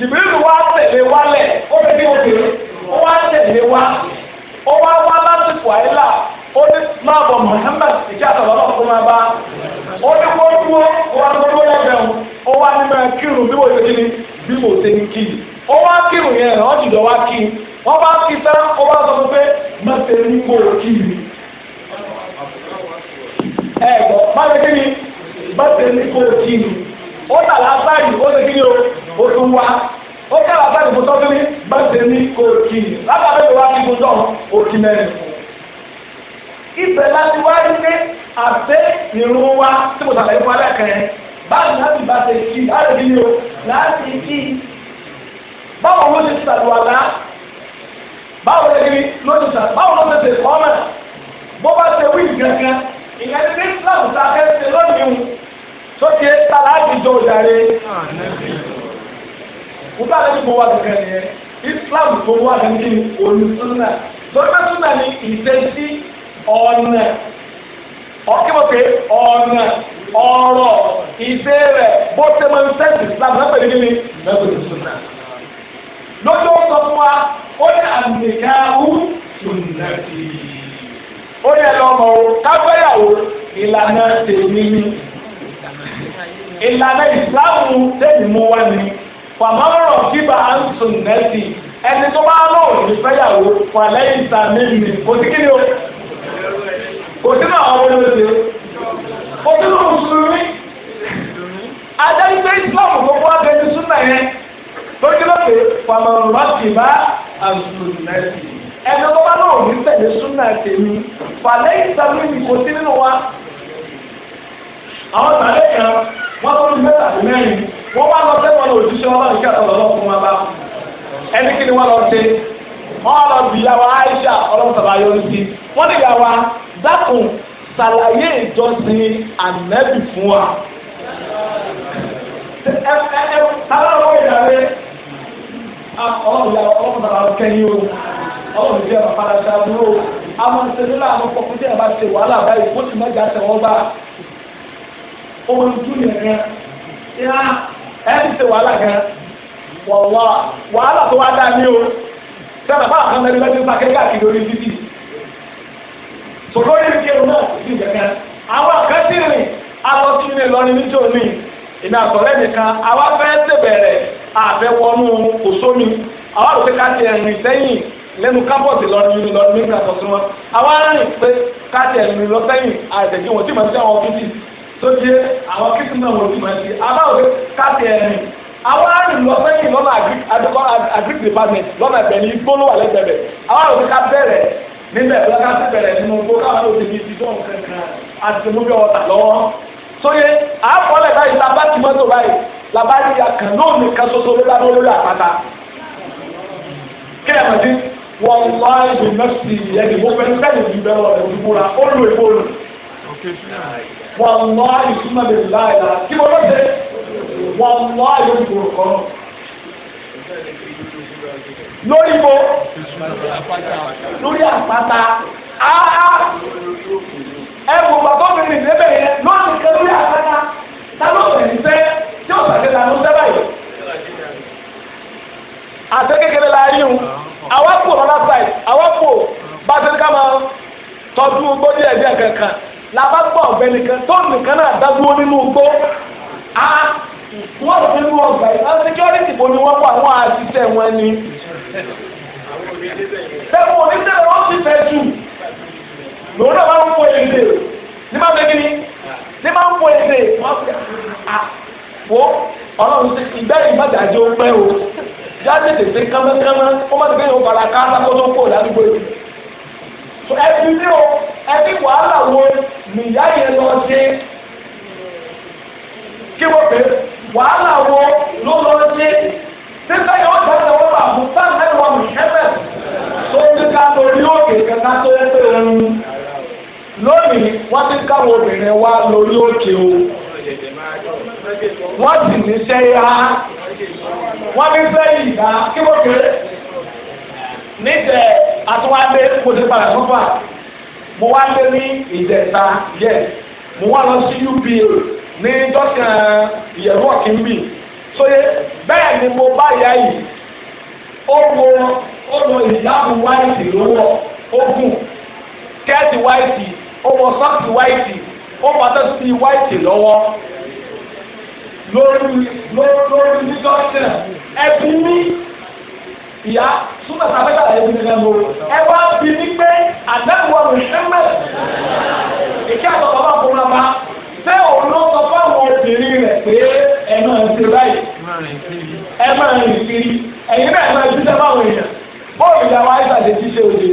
Speaker 2: jìbìrìlù wa tẹ̀lé wálẹ̀ ó bí ó wá tẹ̀lé ó wá wá ó ní máa bọ̀ ìjà àtàwọn máa bá ó ní kó dúró ó wá dúró lẹ́gbẹ̀ẹ́ wọn ó wá ní máa kírun bí kí ni bí mo ṣe ní kí ó wá kírun yẹn jùlọ wá kí wọ́n bá kí ó wá sọ o kí má ṣe kí ni má ṣe ní kó o kí ó tà lágbàdì ó ṣe kí ni o ó tún wá ó tà lágbàdì mo tọ́ fún mi gbọ́dọ̀ ní òkì lábàbẹ́ mi wá kí mo tọ̀ òkì mẹ́rin. ibẹ̀ láti wá rí pé àṣẹ ìrún wa tí mo tàbí fún alákẹ́rẹ́ báyìí láti bá ṣe kí láti kí ni o láti kí báwo ló ti ṣàlùwàlá báwo lè kiri ló ti sàn báwo ló ti sè kọ́mẹ̀ bó bá ṣe wí gẹ́gẹ́ ìyẹn ní Islam ta ẹ ṣe lónìí sókè sàlájì jọ òjàre nígbà tó gbogbo wa kankan yẹn Islam tó wà ní olùsúnà lórí súnà ní ìṣesí ọ̀nà ọ̀kẹ́wọ̀kẹ́ ọ̀nà ọ̀rọ̀ ìṣe rẹ̀ bó ṣe máa ń sẹ́ǹtì Islam náà pẹ̀lú kíni náà pẹ̀lú súnà lójú ó sọ fún wa ó ní àmì káwú
Speaker 1: súnà sí i
Speaker 2: ó yẹ lọ́mọ o kágbéyàwó ìlànà tèmi ni ìlànà ìsìláàmù tẹ̀lé mú wá ní fàmọ́rọ̀ kíbà á ń sùn nẹ́ẹ̀sì ẹni tó bá lọ́ọ̀ ní fẹ́yàwó wà lẹ́yìn ìsàmì mi kò sí kíni o
Speaker 1: kò sí náà àwọn
Speaker 2: olóṣèlú kò sí náà mùsùlùmí adájúgbé ìsìláàmù gbogbo abẹ́ni súnà yẹn lójú lókè fàmọ́rọ̀ kíbà
Speaker 1: á ń sùn nẹ́ẹ̀sì
Speaker 2: ẹni tó bá lọ́ọ̀ ní tẹ̀lé súnà tèmi wà lẹ́yìn ìsàmì mi kò sí nínú wa àwọn sàlẹ̀ kan wọ́n tó ní mẹ́ta sí mẹ́rin wọ́n wá lọ sẹ́wọ̀n lọ òjíṣẹ́ wọn lọ́nà kí àtọ̀lọ́ lọ́ fún wọn bá ẹni kí ni wọ́n lọ sí wọ́n lọ bí yàwá Aisha ọlọ́mọsàbá yọ sí wọ́n ní yàwá dákun sàlàyé ìjọsìn ànẹ́bì fún wa. ẹ ẹ ẹ aláwọ̀ ìyàwó ọlọ́mọdé ọlọ́mọdé kẹ́yìn o ọlọ́mọdé bí ọ̀rọ̀ padà ṣáájú o àwọn ìṣẹ̀lẹ̀ náà àwọn pọ̀kútẹ́ ẹ̀ bá ṣe wàhálà báyìí bó ti mẹ́jà tẹ̀wọ́ bá ọmọ ìjú yẹn gan yá ẹ ti ṣe wàhálà gan wọ̀wọ́ wàhálà tó wá dá ní o sábà bá àkàndá ní lọ́jọ́ bá kẹ́kẹ́ àti lórí bíbí sọ̀rọ̀ yìí kí ẹ̀rọ náà sì bí gẹ̀gẹ́ àwọn àkàtì rìn alọ́tí ní Ìlọrin níjọ́ ní ìnà àtọ̀rẹ́ nìkan àwa fẹ́ ṣèbẹ̀rẹ̀ àfẹ́wọnú òṣómi àwa rò pé ká ti ẹ̀rìn sẹ́yìn lẹ́nu kábọ̀tì lọ́rin Ìlọrin nígbà tó súnmọ́ àwa rìn pé ká ẹ̀rìn lọ sẹ́yìn wọn tí màá sí àwọn ọ́fíìsì tó jẹ́ àwọn kékeré náà wọ́n ti máa ti aláwọ̀ káàtì ẹ̀rìn àwọn arìnrìn lọ sẹ́yìn lọ́nà agric department lọ́nà ẹ̀bẹ̀ ní gbóló wà lẹ́gbẹ̀ẹ́ àwọn àwọn ká bẹ̀rẹ̀ níbẹ̀ lọ́ ká ti bẹ̀rẹ̀ nínú gbó káwọn yóò ti fi ti dán kankan àti ti mú bí ọ̀tà lọ́wọ́ sóye àkọọ́lẹ̀ báyìí labá ti mọ́tò báyìí labá ti yà kàn náà nìkan ṣoṣo ló dáná lórí àpáta kí ẹ̀ mọ̀ sí wọn wá ìgbìmọ̀ sí ẹni mo fẹ́ sẹ́yìn ìgbìmọ̀ rẹ̀ òdúgbò rà ó lò èbó lò wọn lọ bẹ̀rẹ̀ láàyè kí wọ́n lọ́sẹ̀ wọn lọ kọ́ lórí bo
Speaker 1: lórí àpáta aa ẹ̀bùn bàbá mi rìn lébẹ̀ yẹn lọ́sẹ̀ kẹ́ lórí àpáta
Speaker 2: táwọn òṣèlú fẹ́ tí ó bàjẹ́ lànà sábà yìí àti kékeré la yín o àwa kò lọ́la sáì àwa kò bá a ti ká máa tọ́jú gbódìẹ̀ díẹ̀ kankan làbá gbọ́ ọ̀gbẹ́ni kan tó nìkan náà dágbó nínú gbó a wọ́n lọ nínú ọgbà yìí náà security bo ni wọ́n kọ́ àwọn àṣìṣe wọn ni.
Speaker 1: sẹ́wọ̀n oníṣẹ́ wọn
Speaker 2: ti fẹ́ jù lòun náà máa ń fọ èdè ní máa bẹ́ẹ̀ ni ní máa ń fọ èdè wọ́n fi àpò ọlọ́run ìgbẹ́rìn ìbàdàjẹ́ ó pẹ́ o jáde tètè kánmẹ́kánmẹ́ ó má ti gbé yòó balaka sákòtò kò ládùúgbò yìí ẹbí ní o ẹbí wàhálà wo nìyá yẹn lọ sí kí wọ́n pè wàhálà wo ló lọ sí sísè yóò tẹ̀lé wọn bá fún sáńtẹ̀ wọn mùsùlùmí tó ti ká lórí òkè kankan tó yẹ pé ẹnu lónìí wọ́n ti káwọn obìnrin wá lórí òkè o
Speaker 1: wọ́n sì ní sẹ́yà wọ́n ní sẹ́yìn ìdá kí wọ́n pè é
Speaker 2: níbẹ̀ àtúwádé kòtò padà sọ́fà mo wá dé ní ìjẹta yẹ mo wá lọ sí uba ní dọ́kàn ìyẹ̀wò ọ̀kìnbí sóye bẹ́ẹ̀ ni mo bá yá yìí ó wo ó wo ìdáàbò wáìtì lọ́wọ́ ogun kẹ́ẹ̀tì wáìtì ó wọ sọ́ọ̀tì wáìtì ó pàtó sí wáìtì lọ́wọ́ lórí lórí lórí nígbà ọ̀sẹ̀ ẹ̀bùn mi ìyá súnmọ̀ sábẹ́tà ẹ̀ ti nìkan gbòòrò ẹ wá bí mi pé àdáwọ̀ mi sẹ́mẹ̀ ìkí àtọ̀tọ̀ bá fún ọba ṣé òun ló sọ fáwọn obìnrin rẹ̀ pé ẹ máa ń ṣe báyìí ẹ máa ń rìn
Speaker 1: kiri ẹ̀yin náà máa ń ṣiṣẹ́
Speaker 2: fáwọn èèyàn bóòlù ìyàwó àìsàn lè ṣiṣẹ́ òde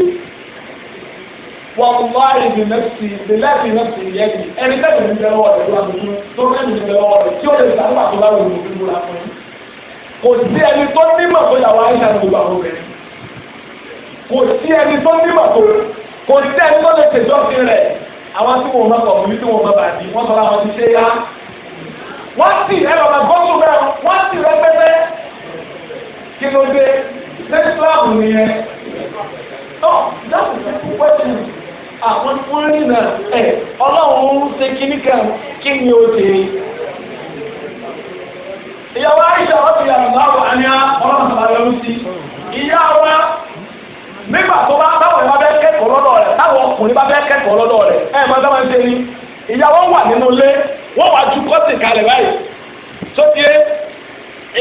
Speaker 2: wàlúwàlì ní nẹ́fì ní lẹ́fì nẹ́fì yẹ́bi ẹni tẹ́lẹ̀ ní bẹ̀rẹ̀ wọ̀ rẹ̀ lọ́wọ́ tó kẹ́mi ní bẹ̀rẹ̀ wọ̀ rẹ̀ tí ó lè kò sí ẹni tó nímọ̀ tó yàwó àyíṣà ní gbogbo àwọn obìnrin kò sí ẹni tó nímọ̀ tó kò sí ẹni tó lè tẹ̀jọ́ sí rẹ̀ àwọn tí wọn bá kọ̀ fún mi tí wọn bá bá di wọn sọ̀rọ̀ àwọn ti ṣe yá wọ́n sì ẹ̀rọ máa gbọ́ bẹ́ẹ̀ wọ́n sì rẹ́pẹ́tẹ́ kí ló dé ṣé nìyẹn tó dáhùn sí pẹ́ẹ́tù àwọn tí wọ́n rí náà ẹ̀ ọlọ́run ń ṣe kíníkà kí ni ó ṣe
Speaker 1: ìyàwó àìsà ọ̀bì àrùnláwọ̀ àníyá ọlọ́run sọ̀rọ̀
Speaker 2: yọrù sí ìyá wa nígbà tó bá báwọn ìbá bẹ́ẹ̀ kẹ́kọ̀ọ́ lọ́dọ̀ rẹ̀ táwọn ọkùnrin bá bẹ́ẹ̀ kẹ́kọ̀ọ́ lọ́dọ̀ rẹ̀ ẹ̀ máa dáwọn ṣe ni ìyàwó wà nínú ilé wọ́n wá ju kọ́sì kalẹ̀ báyìí tó ti yé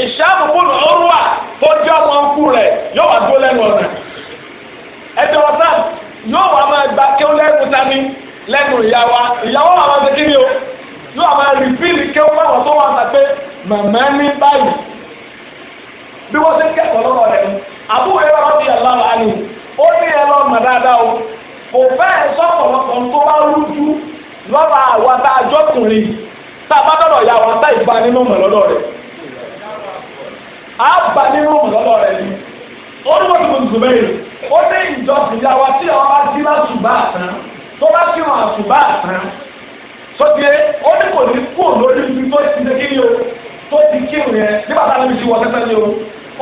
Speaker 2: ìṣàmù bùnú ọrùwà tó jẹ́ ọmọ nkú rẹ̀ yóò wá dúró lẹ́nu ọ̀nà ẹ̀jẹ̀ wọ́n sàn yóò wá máa gba kéwọ́n lẹ́nu sami lẹ́nu ìyá wa ìyàwó wa yóò máa rí fíìlì kéwọ́n fáwọn tó wà ń ta pé màmá ní báyìí bí wọ́n ti ń kẹ́kọ̀ọ́ lọ́wọ́ rẹ̀ àbúrò ẹ̀rọ ọ̀bí aláwọ̀ àlè ó ní ẹ lọ mọ̀ dáadáa o kò fẹ́ẹ̀ sọ̀pọ̀lọpọ̀ tó bá rújú lọ́ba àwa tá a jọ́kùnrin tá a bá dọ̀dọ̀ ya wa tá ìgbà nínú mọ̀ lọ́dọ̀ rẹ̀ á bà nínú mọ̀ lọ́dọ̀ rẹ̀ ni ó ní wọ́n ti mọ̀ tùtù bẹ́ẹ̀ ó ní ìjọsìn ya wa tí ọ bá sí lásùbà àtàn tó bá sí wọn àsùbà àtàn sọ́tìyẹ ó ní kò ní kú lórí ibi tó ti ṣe kíni o tó ti kírun yẹn nígbà tá a lè fi wọ sẹ́sẹ́ ni o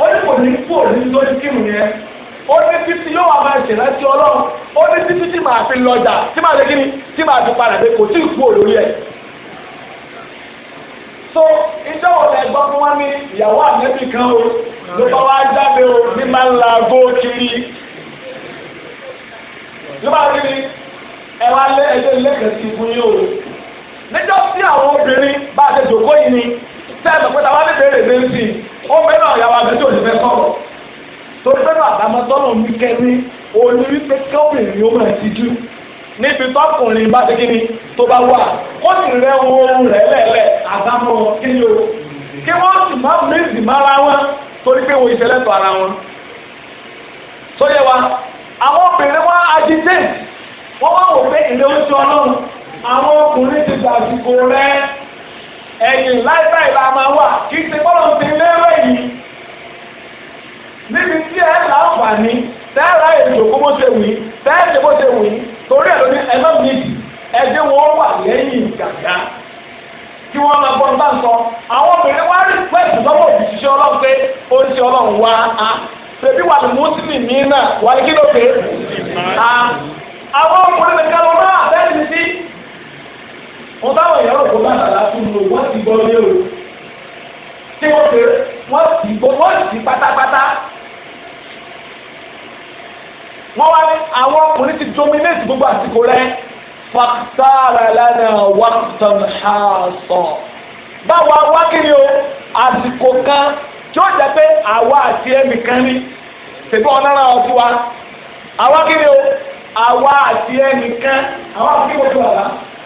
Speaker 2: ó ní kò ní kú lórí ibi tó ti kírun yẹn ó ní títí yóò wá máa ṣẹlẹ̀ sí ọlọ́run ó ní títí tí màá fi lọ́jà tí màá ṣe kíni tí màá fi padà dé kò tí ì kú lórí ẹ̀. so ìjọba ọ̀la ẹ̀gbọ́n fún wa ní ìyàwó àmẹ́bí kan o ló bá wá jáde o ní máa ń la agbó kiri ló bá rí ni ẹ wá lé ẹgbẹ́ ilé kẹsì fún yín o níjọ́ sí àwọn obìnrin bá a ṣe jòkó yìí ni sẹ́ẹ̀mù pé tàbá bèbèrè lé sí i ó fẹ́ náà yàrá àgbẹ̀ tó lè fẹ́ sọ̀rọ̀ torí pé náà àdámọ́ tọ́nà mi kẹ́rí òní wípé kọ́bìnrin ó máa ti dú níbi tọkùnrin bá ti kíni tó bá wà ó sì rẹ ohun rẹ lẹ́lẹ̀ àdámọ́ kíni o kí wọ́n sì má méjì mára wọn torí pé wọ́n ìṣẹ̀lẹ̀ tó ara wọn. sóyè wa àwọn obìnrin wọn agitate wọ́n wá wò pé ìlé oúnjẹ ọlọ́run àwọn ọkùnrin ti gbàsìkò rẹ ẹ̀yìn láìpẹ́ ìlà máa wà kí ti bọ́lọ̀ ti lérò yìí níbi tí ẹ láǹfààní tẹ́ẹ̀rá ètò kó bó ṣe wì í tẹ́ẹ̀ṣẹ̀ bó ṣe wì í torí ẹ̀ lóní ẹ̀nà níbi ẹ̀jẹ̀ wọn wà lẹ́yìn gàgà kí wọ́n máa gbọ́n bá ń sọ àwọn obìnrin wá rí pẹ́ẹ́sì lọ́wọ́ òṣìṣẹ́ ọlọ́run pé ó ń ṣe ọlọ́run wá á bèbí wà ní mùsùlùmí mi náà wà ní kí ló pé á
Speaker 3: àwọn ọkùnrin nìkan lọ
Speaker 2: náà bẹ́ẹ̀ ni sí wọ́n báwọn ìyàwó kó bá àlàlà fún mi wọ́n ti gbọ́ lé o tí wọ́n pè wọ́n ti gbọ́ wọ́n ti pátápátá wọ́n wá ní àwọn ọkùnrin ti dominate gbogbo àsìkò rẹ̀ fàtàrà lánàá wàtàn hàṣọ báwa wá kiri o àsìkò kan tí ó jẹ́ pé àwa àti ẹnì kan ní ṣègbọ́n ọ̀nà náà ọtí wa àwa kiri o àwa àti ẹnì kan àwa àti kí wọ́n tó wà lá.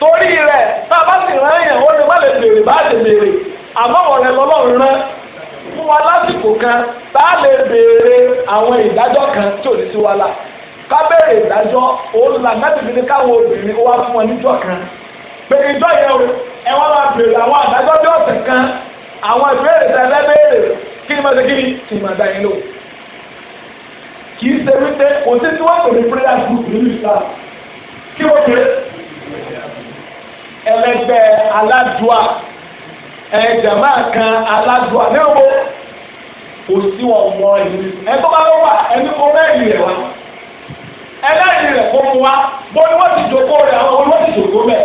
Speaker 2: torí rẹ̀ tá a bá sì rán yẹn ó lè má lè béèrè bá lè béèrè àmọ́ ọ̀rẹ́ lọ́lọ́run rán fún wa lásìkò kan tá a lè béèrè àwọn ìdájọ́ kan tí ò ní sí wa la ká béèrè ìdájọ́ òun là nábìbí ní káwọn obìnrin wá fún wọn níjọ́ kan pé ìjọ yẹn o ẹ wá máa béèrè àwọn àdájọ́ bí ọ̀sẹ̀ kan àwọn ìbéèrè tẹ́lẹ̀ béèrè kí ni máa ṣe kí ni kì í máa dá yín lò kì í ṣe wípé kò sí tí wọ́n pè ní prayer group nínú ìta kí wọ́n pè ẹlẹgbẹ́ aládùá ẹ̀jàmá kan aládùá ní ọ̀bọ kò sí ọmọ ìlú ẹ̀tọ́ bá wà ẹni kò mẹ́rin rẹ̀ wá ẹlẹ́rìí rẹ̀ kó mu wá bó ni wọ́n ti jòkó rẹ̀ àwọn ni wọ́n ti jòkó mẹ́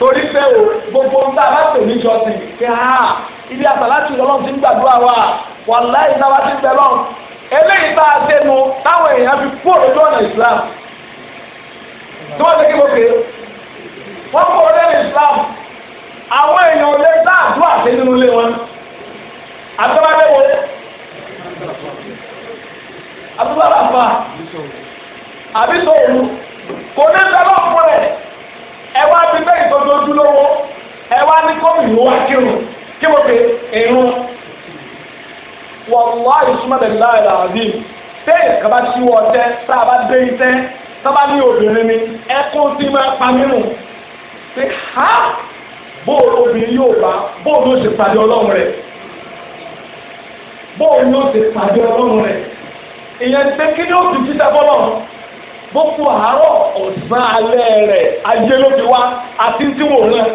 Speaker 2: torí pé o gbogbo ń bá a bá pè ní jọsìn kí á ibi àtàlátì ọlọ́run ti ń gbàdúrà wa wàláì náà wá ti ń bẹ lọ́run eléyìí bá a dénú táwọn èèyàn fi kú òdodo ọ̀nà ìsìlámù tí wọ́n ti kí wọ́n pè é wọ́n kó o lẹ́nu Islam àwọn èèyàn ò lè dá àdúrà sí nínú ilé wọn àtọ́wádé wo àtúbọ̀lá fa àbí sòwòlù kò ní sọ́lọ́ fún rẹ̀ ẹ wá bí bẹ́ẹ̀ ìtọ́jú ojúlówó ẹ wá ní gómìnà wá kírun kí wọ́n pe irun wàlúwà ìsúmọ̀lẹ̀ láìlà àbí bẹ́ẹ̀ kaba tí wọ́n tẹ́ tá a bá dé iṣẹ́ tá a bá ní obìnrin ni ẹkún tí máa pa mímu pé ha bóòlù obìnrin yóò bá bóòlù ó ṣe pàdé ọlọ́run rẹ̀ bóòlù ó ṣe pàdé ọlọ́run rẹ̀ ìyẹn pé kí ni ó fi jíjẹ bọ́lọ̀ gbogbo àárọ̀ ọ̀sán alẹ́ rẹ̀ ajé ló fi wá àti tí wò rẹ̀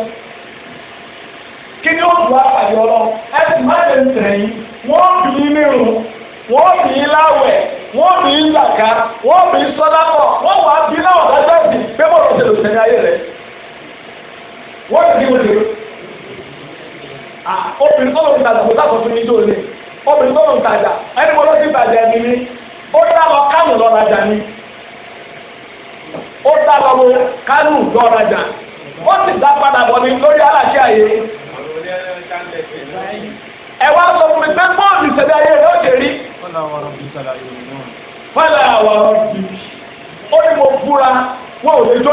Speaker 2: kí ni ó bu àpàdé ọlọ́run ẹ sì má lè tẹ̀yìn wọ́n bì í nírun wọ́n bì í láwẹ̀ wọ́n bì í làkà wọ́n bì í sọ́dákọ̀ wọ́n wà á bí náà lọ́jọ́ ìsìn pé bọ́ọ̀lù ṣe lò sẹ́ni ayé rẹ̀. What did he do? Ah, open tọ́lọ̀ ń tajà kò sáà tuntun ní ìjọ ni. Obìnrin tọ́lọ̀ ń tajà ẹni mo ló ni. Ó dá ni. Ó dá lọ mo Kánù lọ rajà. Ó sì dá padà bọ̀ ní lórí aláṣẹ
Speaker 1: Ẹ wá sọ fún mi pé bọ́ọ̀lù ìṣẹ̀lẹ̀ ayé rẹ̀ ó ṣe rí. Fọ́lá àwọn
Speaker 2: ọ̀rọ̀ bíi ó ní mo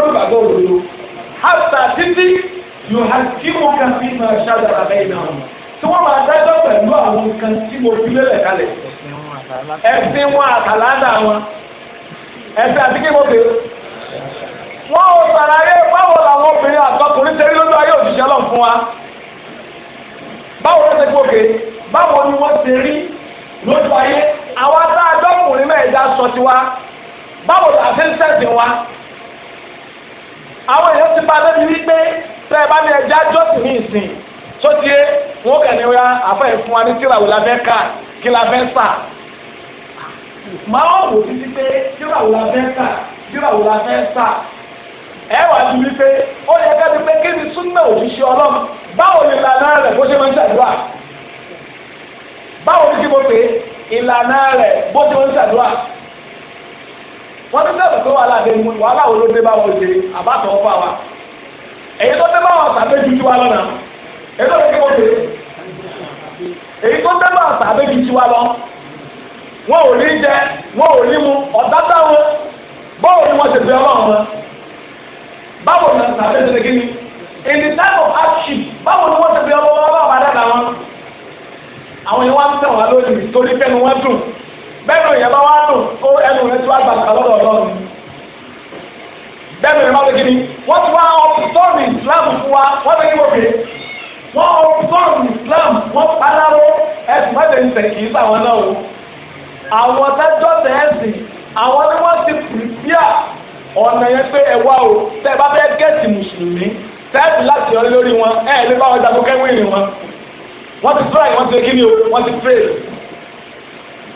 Speaker 2: wọn yóò ha kí mo kà fi máa ṣáájú àbẹ ìdáhùn tí wọ́n máa dájọ́ pẹ̀lú àwọn nǹkan tí mo fi lélẹ̀ kalẹ̀ ẹ̀sìn wọn àtàládà wọn ẹ̀sìn àti kí mo bèrè wọ́n ò sàlàyé báwo làwọn obìnrin àtọkùnrin ṣe rí lójú ayé òṣìṣẹ́ lọ fún wa báwo ló ṣe gbòkè báwo ni wọ́n ṣe rí lójú ayé àwa tá a dọ́kùnrin mẹ́ẹ̀ẹ́dá sọ tiwa báwo la ṣe ń ṣẹ̀sìn wa àwọn èèyàn ti bá lẹ́bi wípé tẹ́ ẹ bá ní ẹja jọ́sìn ní ìsìn tó ti yé wọn kàn ní wíwá àfẹ́ fún wa ní tíràwó la fẹ́ kà kí la fẹ́ sà máa wò títí pé tíràwó la fẹ́ kà tíràwó la fẹ́ sà ẹ wà ní wípé ó yẹ ká ti pé kí ni súnmọ́ òṣìṣẹ́ ọlọ́run báwo ni ìlànà rẹ̀ bó ṣe máa ń ṣàdúrà báwo ni kí mo pè é ìlànà rẹ̀ bó ṣe máa ń ṣàdúrà. wọ́n ti sẹ́wọ̀n tó wà láàbẹ̀ mú wàhálà wo ló dé bá wọn ṣe ọ̀fà wa èyí tó dé bá wọn sàbẹ̀ ju tiwa èyí tó dé kí wọ́n ṣe èyí tó dé bá wọn ju tiwa lọ wọn ò ní jẹ wọn ò ní mu ọ̀dá ni wọ́n ṣe fi ọlọ́run báwo ni bẹ́ẹ̀ náà yẹn bá wá dùn kó ẹnu rẹ̀ tí wá gbà kà lọ́dọ̀ ọlọ́run bẹ́ẹ̀ kíni wọ́n ti wá ọ̀pùtọ́ọ̀nù Islam fún wa wọ́n ti kíni òkè wọ́n ọ̀pùtọ́ọ̀nù Islam wọ́n paláró ẹ̀sùn mẹ́tẹ̀ẹ́ ń tẹ̀ kì í náà o àwọn tẹ́jọ́ tẹ́ẹ̀sì àwọn ni wọ́n ti pìpìà ọ̀nà yẹn pé ẹ wá o tẹ́ ẹ bá fẹ́ gẹ̀ẹ́sì mùsùlùmí tẹ́ẹ̀sì láti ọ̀rẹ́ lórí wọn ẹ̀ lé báwọn wọn wọ́n ti try wọ́n ti kí o wọ́n ti fail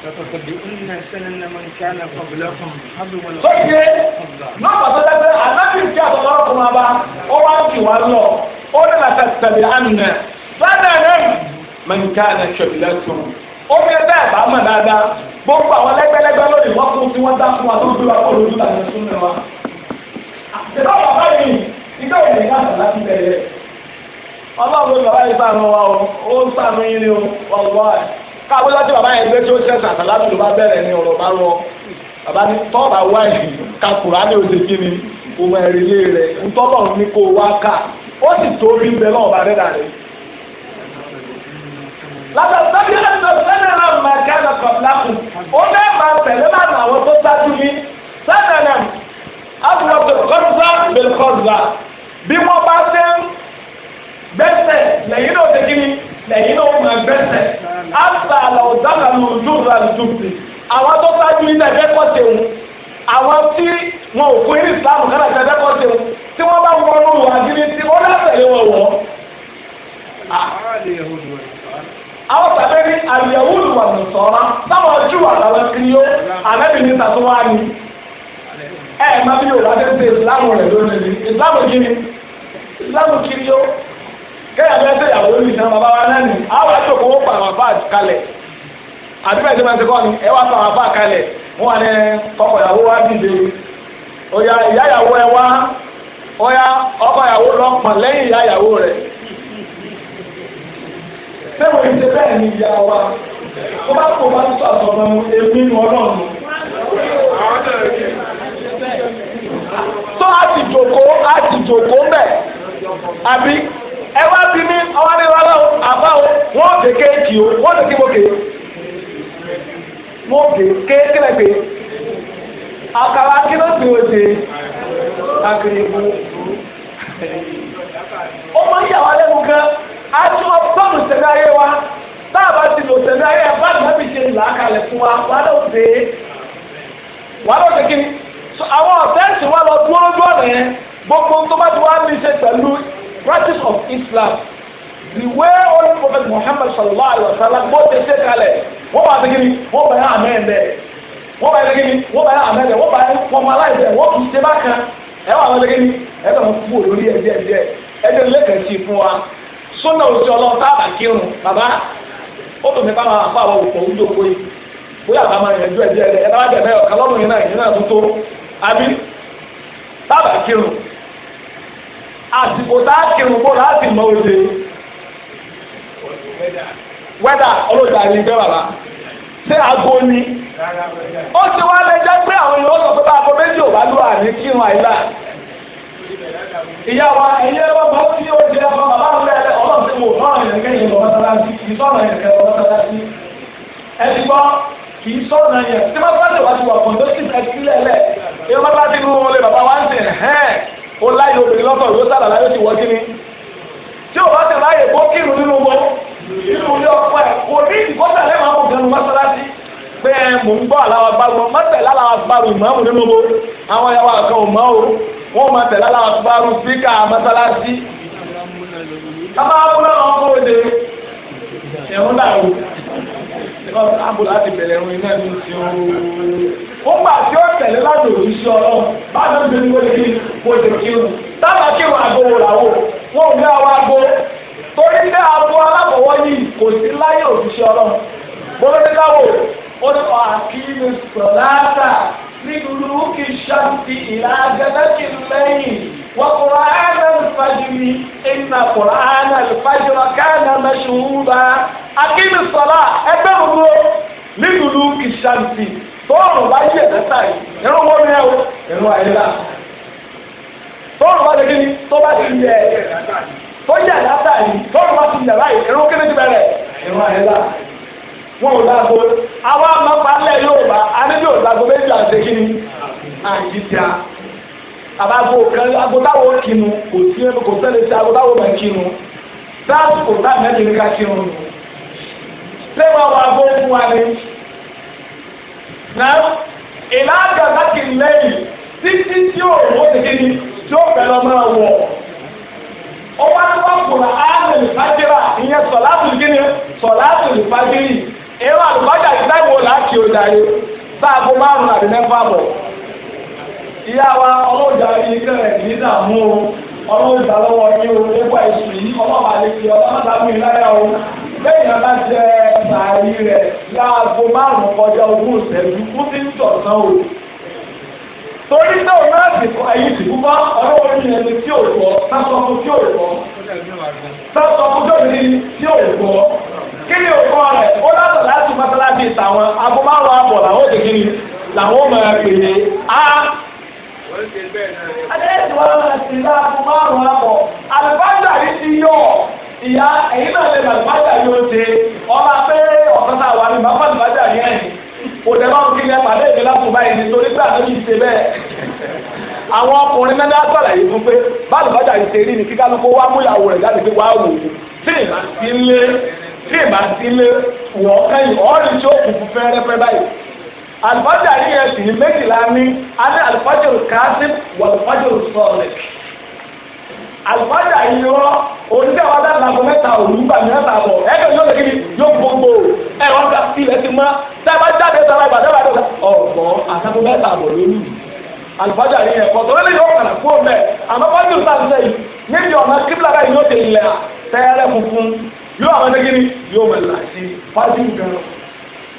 Speaker 1: sọ́kè náà pàṣẹ kí àtọ̀tọ̀ ọkùnrin bá ó wá ń kì wá lọ
Speaker 2: ó ní láti tẹ̀lé àná lánàá náà mẹ̀ǹkà náà ṣọ̀bìlẹ̀ tó ó ní bẹ́ẹ̀ bá mọ̀ dáadáa gbogbo àwọn lẹ́gbẹ́lẹ́gbẹ́ lónìí wọ́n kún tí wọ́n dá fún wa tó gbé wa lójú wa. bàbá ọlọ́run bàbá yìí wa o ó yín ni o wà káwé láti bàbá yẹn gbé tí ó ṣe sàtà láti ló bá bẹ̀rẹ̀ ní ọ̀rọ̀ bá rọ bàbá ní tọ́ọ̀bà wá yìí kakùrá ní òde kí ni òun ẹ̀rí lé rẹ̀ ntọ́lọ̀ ní kó wá ká ó sì tóbi ń bẹ náà bá dẹ́dà rẹ̀. látàbí sẹ́nẹ̀rà màgánà kọ̀ọ̀lákùn ó fẹ́ máa tẹ̀lé lánàá àwọn tó ṣáájú ní sẹ́nẹ̀rà àbúrò bẹ̀rẹ̀kọ́sá bẹ̀rẹ̀kọ́sá bí wọ́n bá ṣe ń gbẹ́sẹ̀ lẹ́yìn náà ó ṣe kí ni. lẹ́yìn náà na máa gbẹ́sẹ̀ àgbà àlọ́ dáná ló ń dùn ra ọdụ àwọn tó sáájú ẹgbẹ́ kọ́ tẹ̀wọ̀n àwọn tí wọn ò fún ní Islam kọ́nà tẹ̀ ẹgbẹ́ kọ́ tẹ̀wọ̀n tí wọ́n bá wọ́n lóru àdínní tí wọ́n lásẹ̀lẹ̀ àwọn tàbí ní àyẹ̀wò ìwà táwọn ojú yó wá ní. kẹ́yà fẹ́ ṣe ìyàwó ní ìtàn bàbá wa náà ni pa àwọn àbá kalẹ̀ àti bẹ́ẹ̀ tí wọ́n ti kọ́ ni ẹ wá pa àwọn àbá kalẹ̀ wọ́n wà ní kọ́kọ́ ìyàwó wa dìde ọ̀yà ìyá ìyàwó ẹ wá ọ̀yà ọkọ ìyàwó lọ́pọ̀ lẹ́yìn ìyá ìyàwó rẹ̀ sẹ́wọ̀n ìṣe bẹ́ẹ̀ ni ìyá wa tó bá kó bá tó àtọ̀nà ọlọ́run. tó a ti e ọwọ́ ní wàhálà àbá o wọ́n kéèkì o wọ́n wọ́n ọ
Speaker 1: ayé
Speaker 2: wa tá ti lò ayé wa báyìí wọ́n ṣe là á kalẹ̀ fún wa wà ló dé wà ló dé kí ni àwọn ọ̀sẹ̀ tí wọ́n lọ dúró dúró rẹ̀ gbogbo tó bá ti practice of Islam the way only Prophet Muhammad sallallahu alaihi wa sallam bó ṣe ṣe kalẹ̀ wọ́n bá ṣe kí wọ́n bá yá àmẹ́ bẹ́ẹ̀ wọ́n bá yá kí wọ́n bá yá àmẹ́ wọ́n bá formalize ẹ̀ wọ́n kì í ṣe ẹ̀ fún fún wa sọ́nà òsì bàbá ó tó mi bá máa fà wọ́n ojú yìí bóyá máa yẹn àsìkò a kírun bó mọ òde wẹ́dà ni bẹ́ẹ̀ bàbá ṣé aago ni ó ti wá lẹ pé àwọn èèyàn sọ pé bá méjì ò bá lù àní kírun àìlà
Speaker 1: ìyá wa ẹ̀yẹ wọn bá tí ó di ẹ̀fọ́ bàbá ń bẹ ọlọ́run tí mo fọ́ àwọn èèyàn kẹ́yìn lọ
Speaker 2: mọ́sálásí kì í sọ̀rọ̀ yẹn kẹ́yìn gbọ́ kì í sọ̀rọ̀ yẹn tí wọ́n bá ti wà ó láyé obìnrin lọ́kàn ló sàlà láyé ó ti wọ́ kíni tí o bá ti láyè kó kírun nínú wọn nínú ilé ọkọ ẹ kò ní ìkọ́sà lẹ́mọ̀ àwọn ọ̀gá mọ́sálásí pé ẹ mò ń gbọ́ àlàwà gbárùn mọ́tẹ̀ láláwà gbárùn ìmọ̀ọ́mù nínú owó àwọn ẹ̀yàwó àkàn ò mọ́ o wọ́n máa tẹ̀ láláwà gbárùn síkà mọ́sálásí. ká máa mú náà wọn kó o dé ẹ̀hún náà o àbò láti bẹ̀rẹ̀ ẹ̀rùn iná ní ti o. ó gbà tí ó tẹ̀lé láti òun sí ọlọ́run bá tó ti kó ti kó ti kí o. táwọn akéwà àgbo wò làwò wọn ò gbé àwọn ìlà agẹ́gẹ́ lẹ́yìn. وقرآن الفجر إن قرآن الفجر كان مشهودا أقيم الصلاة أتغدو لدلوك الشمس tóòrùn bá yí ẹ̀dá sáyé irun wọn ni ẹ o irun àyíká tóòrùn bá lẹ́gbẹ̀ẹ́ ni tó bá ti yẹ tó yẹ ẹ̀dá sáyé ti wọn ò dáa àwọn àmọ́ pa yóò bá a ní yóò méjì àti àbágbó kan agbótáwò kinu kò sí kò ṣẹlẹ̀ sí agbótáwò bá kinu táàbù kò tá mẹ́tì ní ká kinu nù. ṣé wàá wà bó fún wa ni. náà ìlà àgbà láti lẹ́yìn títí tí ó wọ́n ti kí ni tí ó fẹ́ lọ máa wọ̀. ó wá tí wọ́n kùnà áàmì ìfájìrà ìyẹn sọ̀láàtù kí ni sọ̀láàtù ìfájìrì. èrò àlùbájà ìgbà ìwò láti ọjà yìí sáà fún márùn-ún àbí mẹ́fà bọ̀. ìyá wa ọlọ́ọ̀dà yìí kẹrẹ̀ ní dààmú o lọ́wọ́ ní o nípa èsì yìí ọlọ́ọ̀dà lè fi ọlọ́ọ̀dà mi láyà o lẹ́yìn ọba jẹ rẹ̀ láago márùn kọjá ogún ìṣẹ́jú fún ti ń o torí náà kọ ọ̀rọ̀ orí yẹn ni tí ò gbọ́ sásọ fún tí ò gbọ́ sásọ fún ní tí ò gbọ́
Speaker 1: kí ni
Speaker 3: adéyẹsì
Speaker 2: wọn máa ti ní aago márùn àbọ̀ àlùbáńdà yìí ti yọ ìyá ẹ̀yin náà lè àlùbáńdà yóò ṣe ọba pé ọ̀kan náà wà ní bàbá àlùbáńdà yẹn ni òde máa ń kílẹ̀ pàdé ìlú lásùn báyìí nítorí pé àtúntò ìṣe bẹ́ẹ̀ àwọn ọkùnrin náà náà sàlàyé fún pé bàlùbáńdà yìí ṣe rí ni kíkálukó wá mú ìyàwó rẹ̀ jáde pé wàá wò ó tí ìbá ti lé tí ìbá ti lé wọ́n kẹ́yìn ọ́ọ́rì tí ó kù fún fẹ́ẹ́rẹ́fẹ́ báyìí alifájà yìí yẹn sì ní méjìlá ní adé alifájà kásí wọ alifájà sọọlẹ alifájà yìí rọ oníṣẹ́ wa dá lago mẹ́ta òru nígbà mẹ́ta bọ̀ ẹgbẹ́ yóò lè kiri yóò gbogbo ẹ wọn ká ilẹ̀ ti mọ́ sábà jáde sábà ìbàdàn àdó ọ̀gbọ́n àtàkùn mẹ́ta bọ̀ lónìí alifájà yìí yẹn kọ́ tọ́lẹ́lẹ́ yóò kàrà fún ọmọ ẹ̀ àmọ́ fájú sáfẹ́ yìí níbi ọ̀nà kíbla báyìí yóò tẹ̀lé tẹ́ẹ̀rẹ́ funfun yóò àwọn ẹgbẹ́ yóò mọ̀ láti fájú gan-an.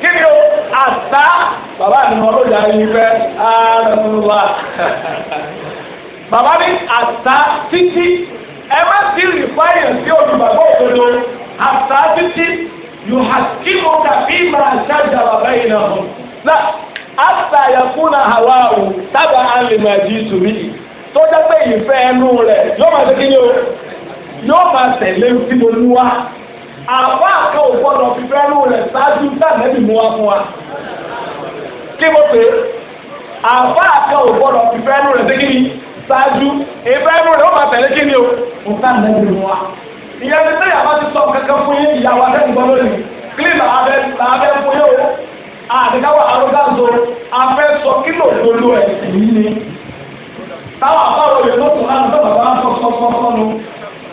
Speaker 2: kí ni o àṣà bàbá mi wọn ló dà yín fẹ́ àrùnwá bàbá mi àṣà títí ẹ má sí rìfáyà sí olùgbàgbọ́ òdodo àṣà títí yóò hakimu kàbí máa ṣáàjà bàbá yìí náà hàn náà àṣà yakuna hawahu sábà alimaji tùmí tó jẹ́ pé ìfẹ́ ẹnu rẹ̀ yóò máa ṣe kí o yóò máa tẹ̀lé tí mo lú wa. àwa àkà ụfọdụ gbọ́dọ̀ fi rẹ̀ ṣáájú tàbí mú wa fún wa kí mo pè àwa àkà ò gbọ́dọ̀ fi rẹ̀ o kò ti sẹ́yìn àbá ti sọ kankan fún yín ìyàwó abẹ́gbọ́n lónìí clean abẹ́ abẹ́ fún sọ ẹ̀ táwọn àbáwọ̀ yẹn ló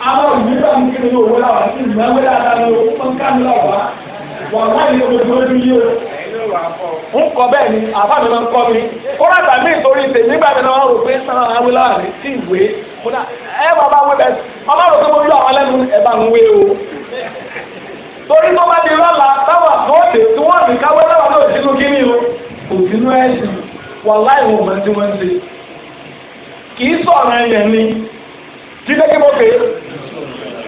Speaker 2: àwọn òyìnbá mi kí ni yóò wọlé àwọn àti ìmọ̀ ẹgbẹ́ dáadáa o fún kánú là wá o. ń kọ bẹ́ẹ̀ ni àbá mi máa ń kọ́ mi kóra tàbí ìtòrí tè nígbà mi náà rò pé sáà awúlá rẹ̀ sí ìwé kódà ẹ bàbá wẹ bẹ ọmọ rò pé mo yọ àwọn lẹ́nu ẹ̀ bá ń wé o.
Speaker 3: torí tó bá di lọ́la táwọn àtúntò
Speaker 2: tí wọ́n fi káwé lọ́wọ́ náà sínú kíní o kò sínú ẹ̀sìn wà láì wọ̀n mọ́ tí wọ́n ń ṣe kì í sọ̀rọ̀ ẹ̀yẹ̀ ni jíjẹ́ kí mo fèé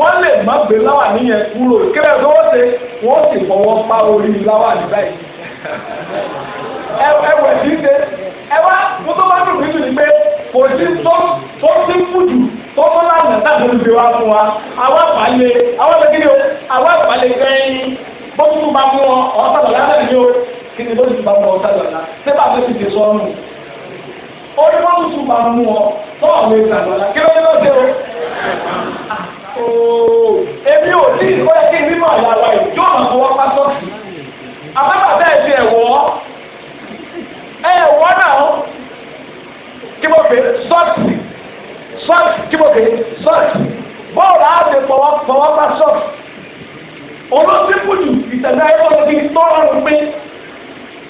Speaker 2: wọ́n lè má gbé láwàní yẹn kúrò kílẹ̀ tó wọ́n ṣe wọ́n sì fọwọ́ pa orí láwàní
Speaker 1: báyìí. ẹwẹ̀
Speaker 2: tí ń ṣe ẹ wá mo tó bá dùn nínú ni pé kò sí tó tó ti ń kú jù tó tó lánàá tàbí olùgbé wa fún wa àwa àpàlẹ àwa àpàlẹ àwa àpàlẹ gbẹ̀yìn bó tún bá mú ọ ọ sábà lálẹ́ ni o kí ni bó tún bá mú ọ sábà lálẹ́ sẹ́bà tó ti dé sọ́ọ̀nù orí bó tún bá mú ọ tó àwọn èmi ò ní ìkọ́ yẹ kí mímọ̀ àyà wa yìí yóò máa fọwọ́ pásọ̀ sí. àbábà bẹ́ẹ̀ di ẹ̀wọ́ ẹ̀wọ́ náà kí mo pè sọ́ọ̀tì sọ́ọ̀tì kí mo pè sọ́ọ̀tì bọ́ọ̀lù àti fọwọ́ fọwọ́ pásọ̀ olóṣèlú ìtẹ̀lé ayélujára ti tọ́ra ló pé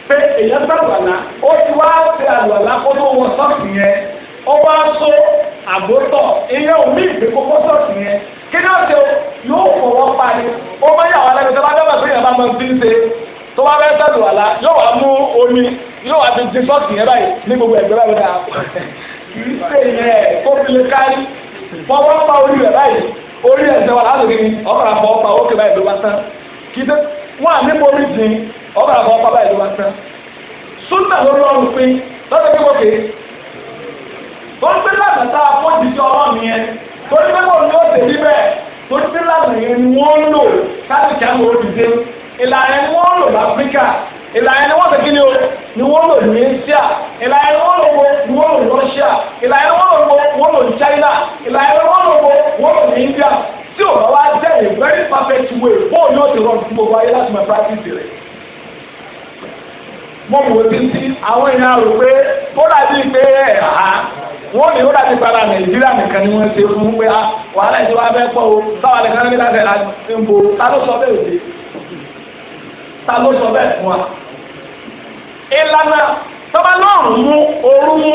Speaker 2: pé èyàn sàlùwàlà ó ti wá ṣe àlùwàlà kó tó wọ sọ́ọ̀tì yẹn ó wá so àgbótọ̀ ìyẹn ò ní ìgbé kókó sọ́ọ̀tì yẹn. kíni ọ̀sẹ̀ yóò fọwọ́ parí ó máa yà wá lẹ́nu tó bá dábàá pé yàrá máa fi ń ṣe tó bá fẹ́ sẹ́dù wà lá yóò wá mú omi yóò wá fi di sọ́ọ̀sì yẹn báyìí ní gbogbo ẹ̀gbẹ́ báyìí dáa kì í ṣe kó fi lè kárí fọwọ́ pa orí rẹ̀ báyìí orí ẹ̀sẹ̀ wà láti kí ni ọ̀kàrà fọwọ́ pa ókè báyìí ló wá tán kì wọ́n à jìn pa báyìí ló wá torí pé wọn yóò tẹ̀ níbẹ̀ torí pé lánàá yẹn ni wọ́n lò láti kí àwọn olùdíje ìlànà yẹn ni wọ́n lò láfíríkà ìlànà yẹn ni wọ́n tẹ̀kí ni o ni wọ́n lò ní Asia ìlànà yẹn ni wọ́n lò ni wọ́n lò Russia ìlànà yẹn ni wọ́n lò wọ́n lò ní China ìlànà yẹn ni wọ́n lò wọ́n lò ní India tí o bá wá jẹ́ a very perfect way bóun yóò ti rọrùn fún gbogbo ayé láti máa practice rẹ̀ mo wò ó títí àwọn èèyàn rò pé ó dàbí pé ẹ̀ ha wọ́n ní wọ́n láti para nàìjíríà nìkan ni wọ́n ṣe fún un pé wàhálà ìjọba abẹ́ pọ̀ o báwa lè kánú nígbà tẹ̀lé àti ń bo ta ló sọ bẹ́ẹ̀ òde ta ló sọ bẹ́ẹ̀ fún wa. ìlànà tọ́ba lọ́rùn mú òru mú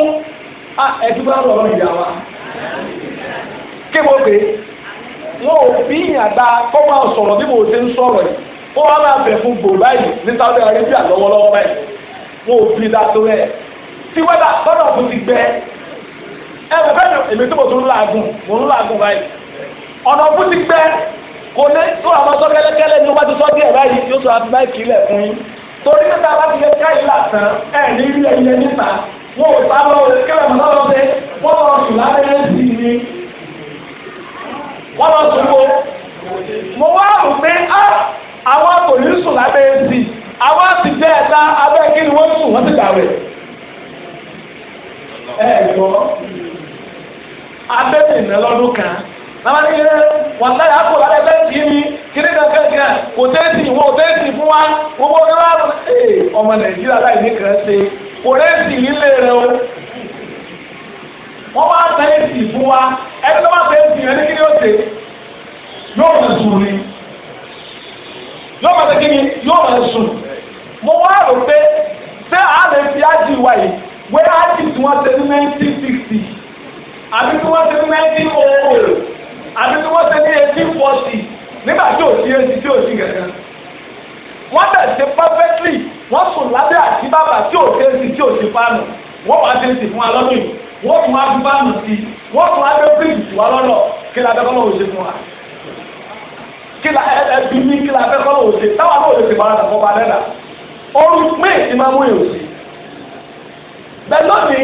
Speaker 2: ẹ̀dùn bá rọ̀ lọ́rùn ìyá wa. kí mo pè é wọn ò fi ìyàn dá kó máa sọ̀rọ̀ bí mo ṣe ń sọ̀rọ̀ yìí kó wọ́n máa bẹ̀ fún gbòó báyìí ní Saudi Arabia lọ́wọ́lọ́wọ́ báyìí wọn ò fi dá tó rẹ̀ tí wẹ́dà lọ́dọ̀ tó ti gbẹ èmi tí mo tún làágùn mo ń làágùn báyìí ọ̀nà ọ̀fun ti gbẹ kò ní tó àwọn sọ kẹ́lẹ́kẹ́lẹ́ ni wọ́n bá ti sọ díẹ̀ báyìí yóò sọ àti báyìí kìlẹ̀ fún yín torí pé tá a bá ti lè ká ìlà tán ẹ̀ ní ilé ilé níta wọn ò sá lọ kẹ́lẹ́ mọ́ lọ́wọ́ pé wọ́n lọ sùn lábẹ́lẹ́ sí i ni wọ́n lọ sùn wo mo wá rò pé ah, àwọn kò ní sùn lábẹ́ sí i àwọn ti bẹ́ ẹ̀ ta abẹ́ kí ni wọ́n sùn wọ́n ti dàwẹ̀ ẹ̀ gbọ́. abẹ́sìn
Speaker 1: náà lọ́dún kan
Speaker 2: àwọn ní ilé wọn sáré àpò lálẹ́ bẹ́ẹ̀ tì í ní kíní kankan kò tẹ́sì wọn ò tẹ́sì fún wa gbogbo ní wọn ọmọ nàìjíríà láì ní kàn ṣe kò tẹ́sì nílé rẹ o wọ́n máa tẹ́sì fún wa ẹni tó máa tẹ́sì rẹ ní kíní ó ṣe yóò máa sùn ni yóò máa tẹ́kí ni yóò máa sùn mo wá rò pé ṣé àlè fi ájì wáyé wẹ́n ájì tí wọ́n ṣe ní àbí tí wọ́n ti ní nineteen oh oh àbí tí wọ́n ti ní eighteen forty nígbà tí ò sí èsì tí ò sí gẹ̀gẹ́. wọ́n tẹ̀ ṣe perfectly wọ́n sùn lábẹ́ àti bàbà tí ò sí èsì tí ò sí fáànù wọ́n wá sí èsì fún wa lọ́dún yìí wọ́n tún wá fún fáànù sí wọ́n tún wá gbé bíríìjì wa lọ́nà kí la bẹ́ẹ̀ kọ́ ṣe fún wa kí la ẹbí ní kí la bẹ́ẹ̀ kọ́ ṣe táwa náà lè ṣe bàrà nàfọ́ balẹ̀ náà orun pé ìmáàmù yòó sí bẹ́ẹ̀ lónìí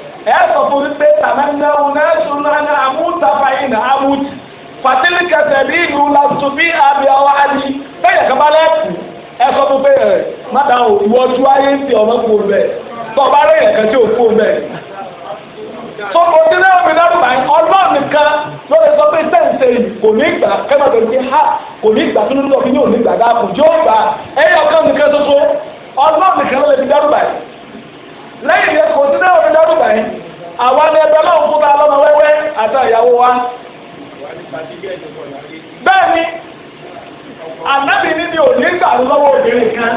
Speaker 2: ẹ sọ fún mi pé tàmánnáwó náà ṣùgbọ́n náà àmúta fàyín náà àmúti fàtílì kẹsẹ̀ bí ìlú lásù bí àbí ọwọ́ àdí bẹ́ẹ̀ kaba lẹ́kù ẹ sọ fún pé ẹ mádà ò wọ́jú ayé ń ti ọ̀nà kó bẹ́ẹ̀ tó ọba rẹ̀ yẹn kẹsí òkú bẹ́ẹ̀. tó o ti náà fi náà fàyín ọlọ́ọ̀ nìkan ló lè sọ pé sẹ́ǹsẹ̀ yìí kò ní gbà kẹ́mọ̀ tó ti há kò ní gbà tó ní lọ́ọ̀ fi ní òní gbà dáàbò yóò gbà ẹ̀yọ̀ kan nìkan ṣoṣo ọlọ́ọ̀ nìkan ló lè fi dárúbà yìí lẹ́yìn yẹn kò sí náà òní dárúgbà yìí àwa ni ẹgbẹ́ náà ń fún ta lọ́mọ wẹ́wẹ́ àti ìyàwó wa. bẹ́ẹ̀ ni ànábì ni mi ò ní gbà lọ́wọ́ obìnrin kan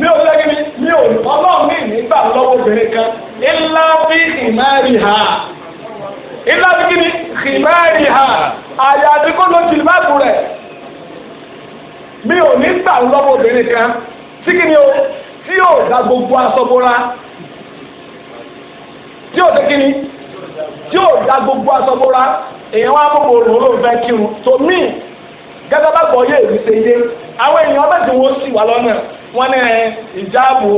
Speaker 2: mi ò lẹ́yìn mi mi ò ọlọ́run ní ìgbà lọ́wọ́ obìnrin kan ńlá bí ìmárì ha ńlá bí kíni ìmárì ha àyà àdínkù ló ti máàbù rẹ̀ mi ò ní gbà lọ́wọ́ obìnrin kan sí kíni o. tí yóò da gbogbo asọ́bọ́ra tí yóò tẹ́kí ni tí yóò da gbogbo asọ́bọ́ra èèyàn wá mú òòrùn olóòfẹ́ kírun tó míì gẹ́gẹ́ bá gbọ́ yé ṣe yé àwọn èèyàn tí wọ́n sì wà lọ́nà ní eh, ìjáàbò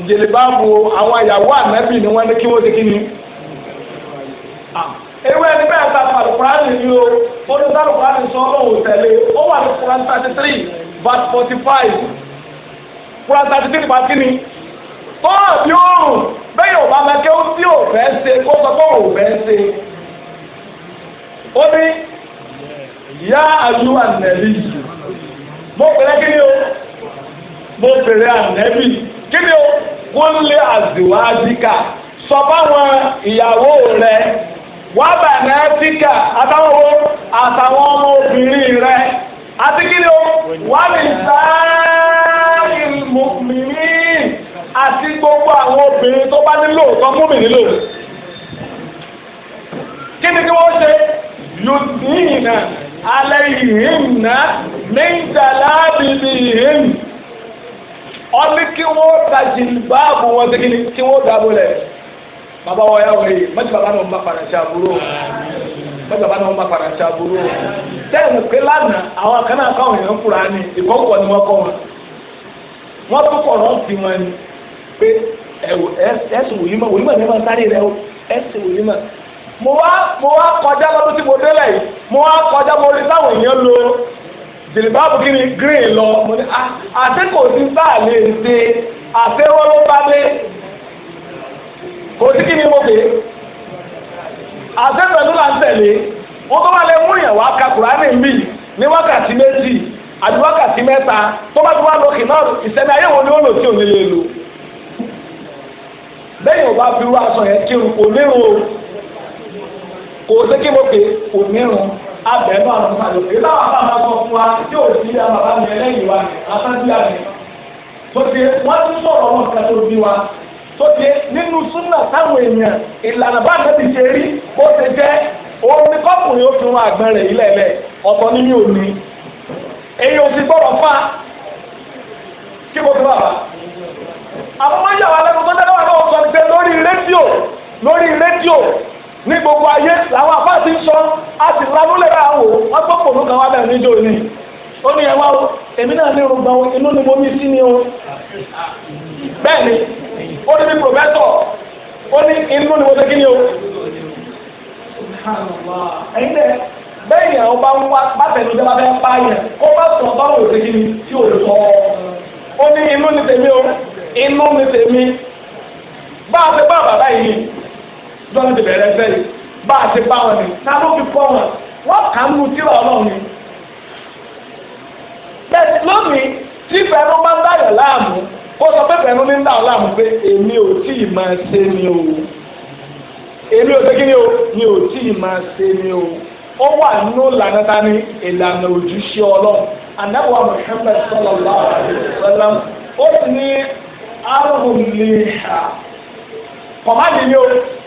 Speaker 2: ìjèlébáàbò àwọn àyàwó ànábì ni wọ́n ní kí wọ́n tẹ́kí ni ewé ẹni bẹ́ẹ̀ ta ni o olùdarí sọ tẹ̀lé ó wà ní kúrò thirty three pàtí ni kóòtù òòrùn bẹ́ẹ̀ yóò bá máa kéwọ́n tí yóò fẹ́ ṣe kó sọ pé òun fẹ́ ṣe ó ní yá àjú ànẹ́bí mo pèrè kí ni o mo pèrè ànẹ́bí kí ni o wọ́n lé àzìwájíkà sọ báwọn ìyàwó rẹ wàbà náà tíkà àtàwọn ọmọ obìnrin rẹ àti kí ni o wà ní sáàyè mùmíní àti gbogbo àwọn obìnrin tó bá nílò tó mú mi nílò kí ni kí wọ́n ṣe yòtìnà aláìhìnà mẹ́ńtàlábìbìhìn ọdún kí wọ́n tají báàbù wọn sí kí wọ́n dábò lẹ̀ bàbá wọ́n yà wọ̀nyí mọ́tí bàbá náà ń bá padà àbúrò mọ́tò bá náà wọ́n bá padà ṣe aburú o. sẹ́yìn pé lánàá àwọn kan náà káwọn èèyàn fura ni ìkọ́kọ̀ ni wọ́n kọ́ wọn. wọ́n tó kọ̀ náà fi wọn ni pé ẹ̀sùn wòlímọ̀ wòlímọ̀ ni wọ́n sáré rẹ o ẹ̀sùn wòlímọ̀. mo wá mo wá kọjá lọ́dún tí mo délẹ̀ yìí mo wá kọjá mo rí táwọn èèyàn lo jìlìbáàbù kí ni green lọ mo ní ah, àtẹ́kọ̀ọ́ sí sáà lè ṣe àṣẹ́wọ́ ló bá dé kò sí kí ni mo pè é àtẹ́fẹ́ tó là ń tẹ̀lé wọ́n tó bá lè mú ìyàwó aka kùránì mí ní wákàtí méjì àbí wákàtí mẹ́ta tó bá tó wá lọ kìnnà ìsẹ̀mí ayé wo ni ó lò tí ò ní lè lò lẹ́yìn ọba fi wá aṣọ yẹn kírun kò nírun o kò sí kí mo pè kò nírun abẹ́nú àwọn ọmọ àlọ́ èyí táwọn afáàmà sọ fún wa tí ò sí ilé bàbá ẹlẹ́yìn wa ni àtàndíyà mi tó ti wọ́n ti sọ̀rọ̀ wọn kàtó bí wa tó nínú súnà táwọn èèyàn ìlànà bá ṣe rí bó ṣe jẹ́ omi kọ́kùnrin ó fi wọn àgbọn rẹ̀ yìí lẹ̀lẹ̀ ọ̀tọ̀ ní mi ní èyí ò sì gbọ́dọ̀ fa kí mo fi
Speaker 3: àwọn máa ń yàwá lẹ́nu tó dẹ́gbẹ́ lórí
Speaker 2: rédíò lórí rédíò ní gbogbo ayé làwọn afá ó ní bí pòfẹ́sọ̀ ó ní inú ni mo o. ẹ̀yin dẹ̀ bẹ́ẹ̀ ń wá bàtẹ̀lú jẹ́ bá pa yẹn kó bá sọ o sọ ó ní inú ni tèmi o inú ni tèmi bá a ti bá bàbá yìí ni ti bẹ̀rẹ̀ bá a ti bá wọn ni ta fi kọ́ wọn wọ́n kà ń tíra ọlọ́run ni. lónìí tí ìfẹ́ ló máa ń ó sọ pé pẹ̀lú ní ńlá ọ̀la mú pé o èmi ò tẹ́kí ni o mi ò tí ì máa ṣe ni o ó wà nínú ìlànà dání ìlànà òjúṣe ọlọ́run anáwó ó sì ní arúgbó lè ni o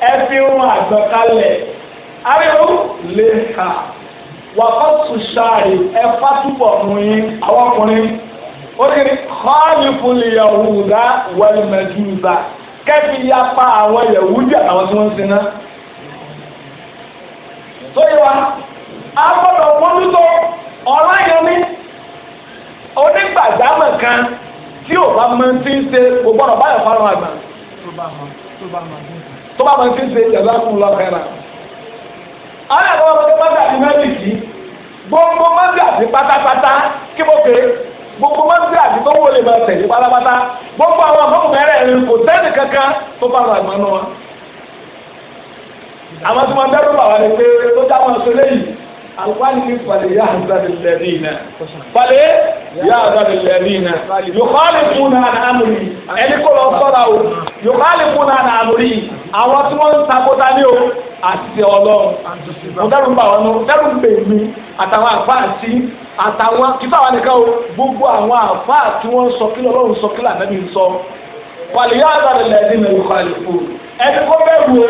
Speaker 2: ẹ fi ń àgbọ̀kalẹ̀ arúgbó lè ẹ ó ní kọ́ọ̀lùfù yahuda wẹ́lmẹ́júùdà kẹ́fì yapa àwọn yahudi àtàwọn tí wọ́n ń sin náà. tó yẹ wa a gbọ́dọ̀ mójútó ọ̀rọ̀ yẹn ní onígbàdámọ̀ kan tí ò bá mọ ti ń ṣe kò gbọ́dọ̀ báyọ̀ fáwọn àgbà. tó bá mọ ti ń ṣe yàrá kù lọ́kẹ́ra. àwọn àgbà wọn kọ́ mọ́tà àti mẹ́rìndínlẹ́gbọ̀n gbogbo mọ́tà àti pátápátá kí mo kéré gbogbo mọ́tì àdìgbòwò lè máa tẹ̀lé pátápátá gbogbo àwọn àmọ́ mẹ́rẹ̀ẹ̀rin kò sẹ́ni kankan tó bá lọ àgbọ̀n náà. àwọn tí wọ́n dẹ́rù bàwá ni pé ó dá wọn sọ léyìí القلب فليحذر الذين فليحذر الذين يخالفون عن امري ẹni kò lọ sọ́ra o يخالفون عن امري àwọn tí wọ́n ń sakota ní o àti ọlọ́run mo dẹ́rù ń bà wọn nù dẹ́rù ń bè mí àtàwọn àfa àti àtàwọn kìfà wọn nìkan o gbogbo àwọn àfa tí wọ́n ń sọ kí lọ́lọ́run sọ kí lànà mi ń sọ. فليحذر الذين يخالفون ẹni kò bẹ̀rù o.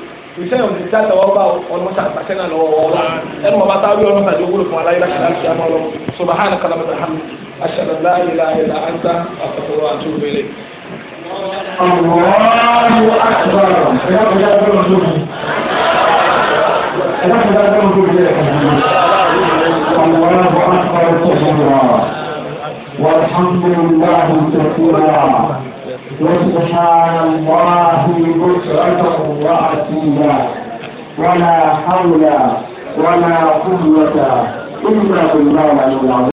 Speaker 2: iṣẹ́ yóò ti dáta wọ́n bá ọlọ́mọṣà àgbàṣẹ́ náà lọ́wọ́ wọ́n ẹnu wọn bá tá a wí ọlọ́mọṣà tó wúlò fún aláyé láti láti àmọ́ lọ kalamata ham aṣadu la ilaha illa anta àti òbẹ̀lẹ̀.
Speaker 1: Allahu akbar ẹ̀rọ kọjá lọ́dún ọdún mi ẹ̀rọ kọjá lọ́dún ọdún mi ẹ̀rọ Allahu akbar وسبحان الله بكرة وأصيلا ولا حول ولا قوة إلا بالله العظيم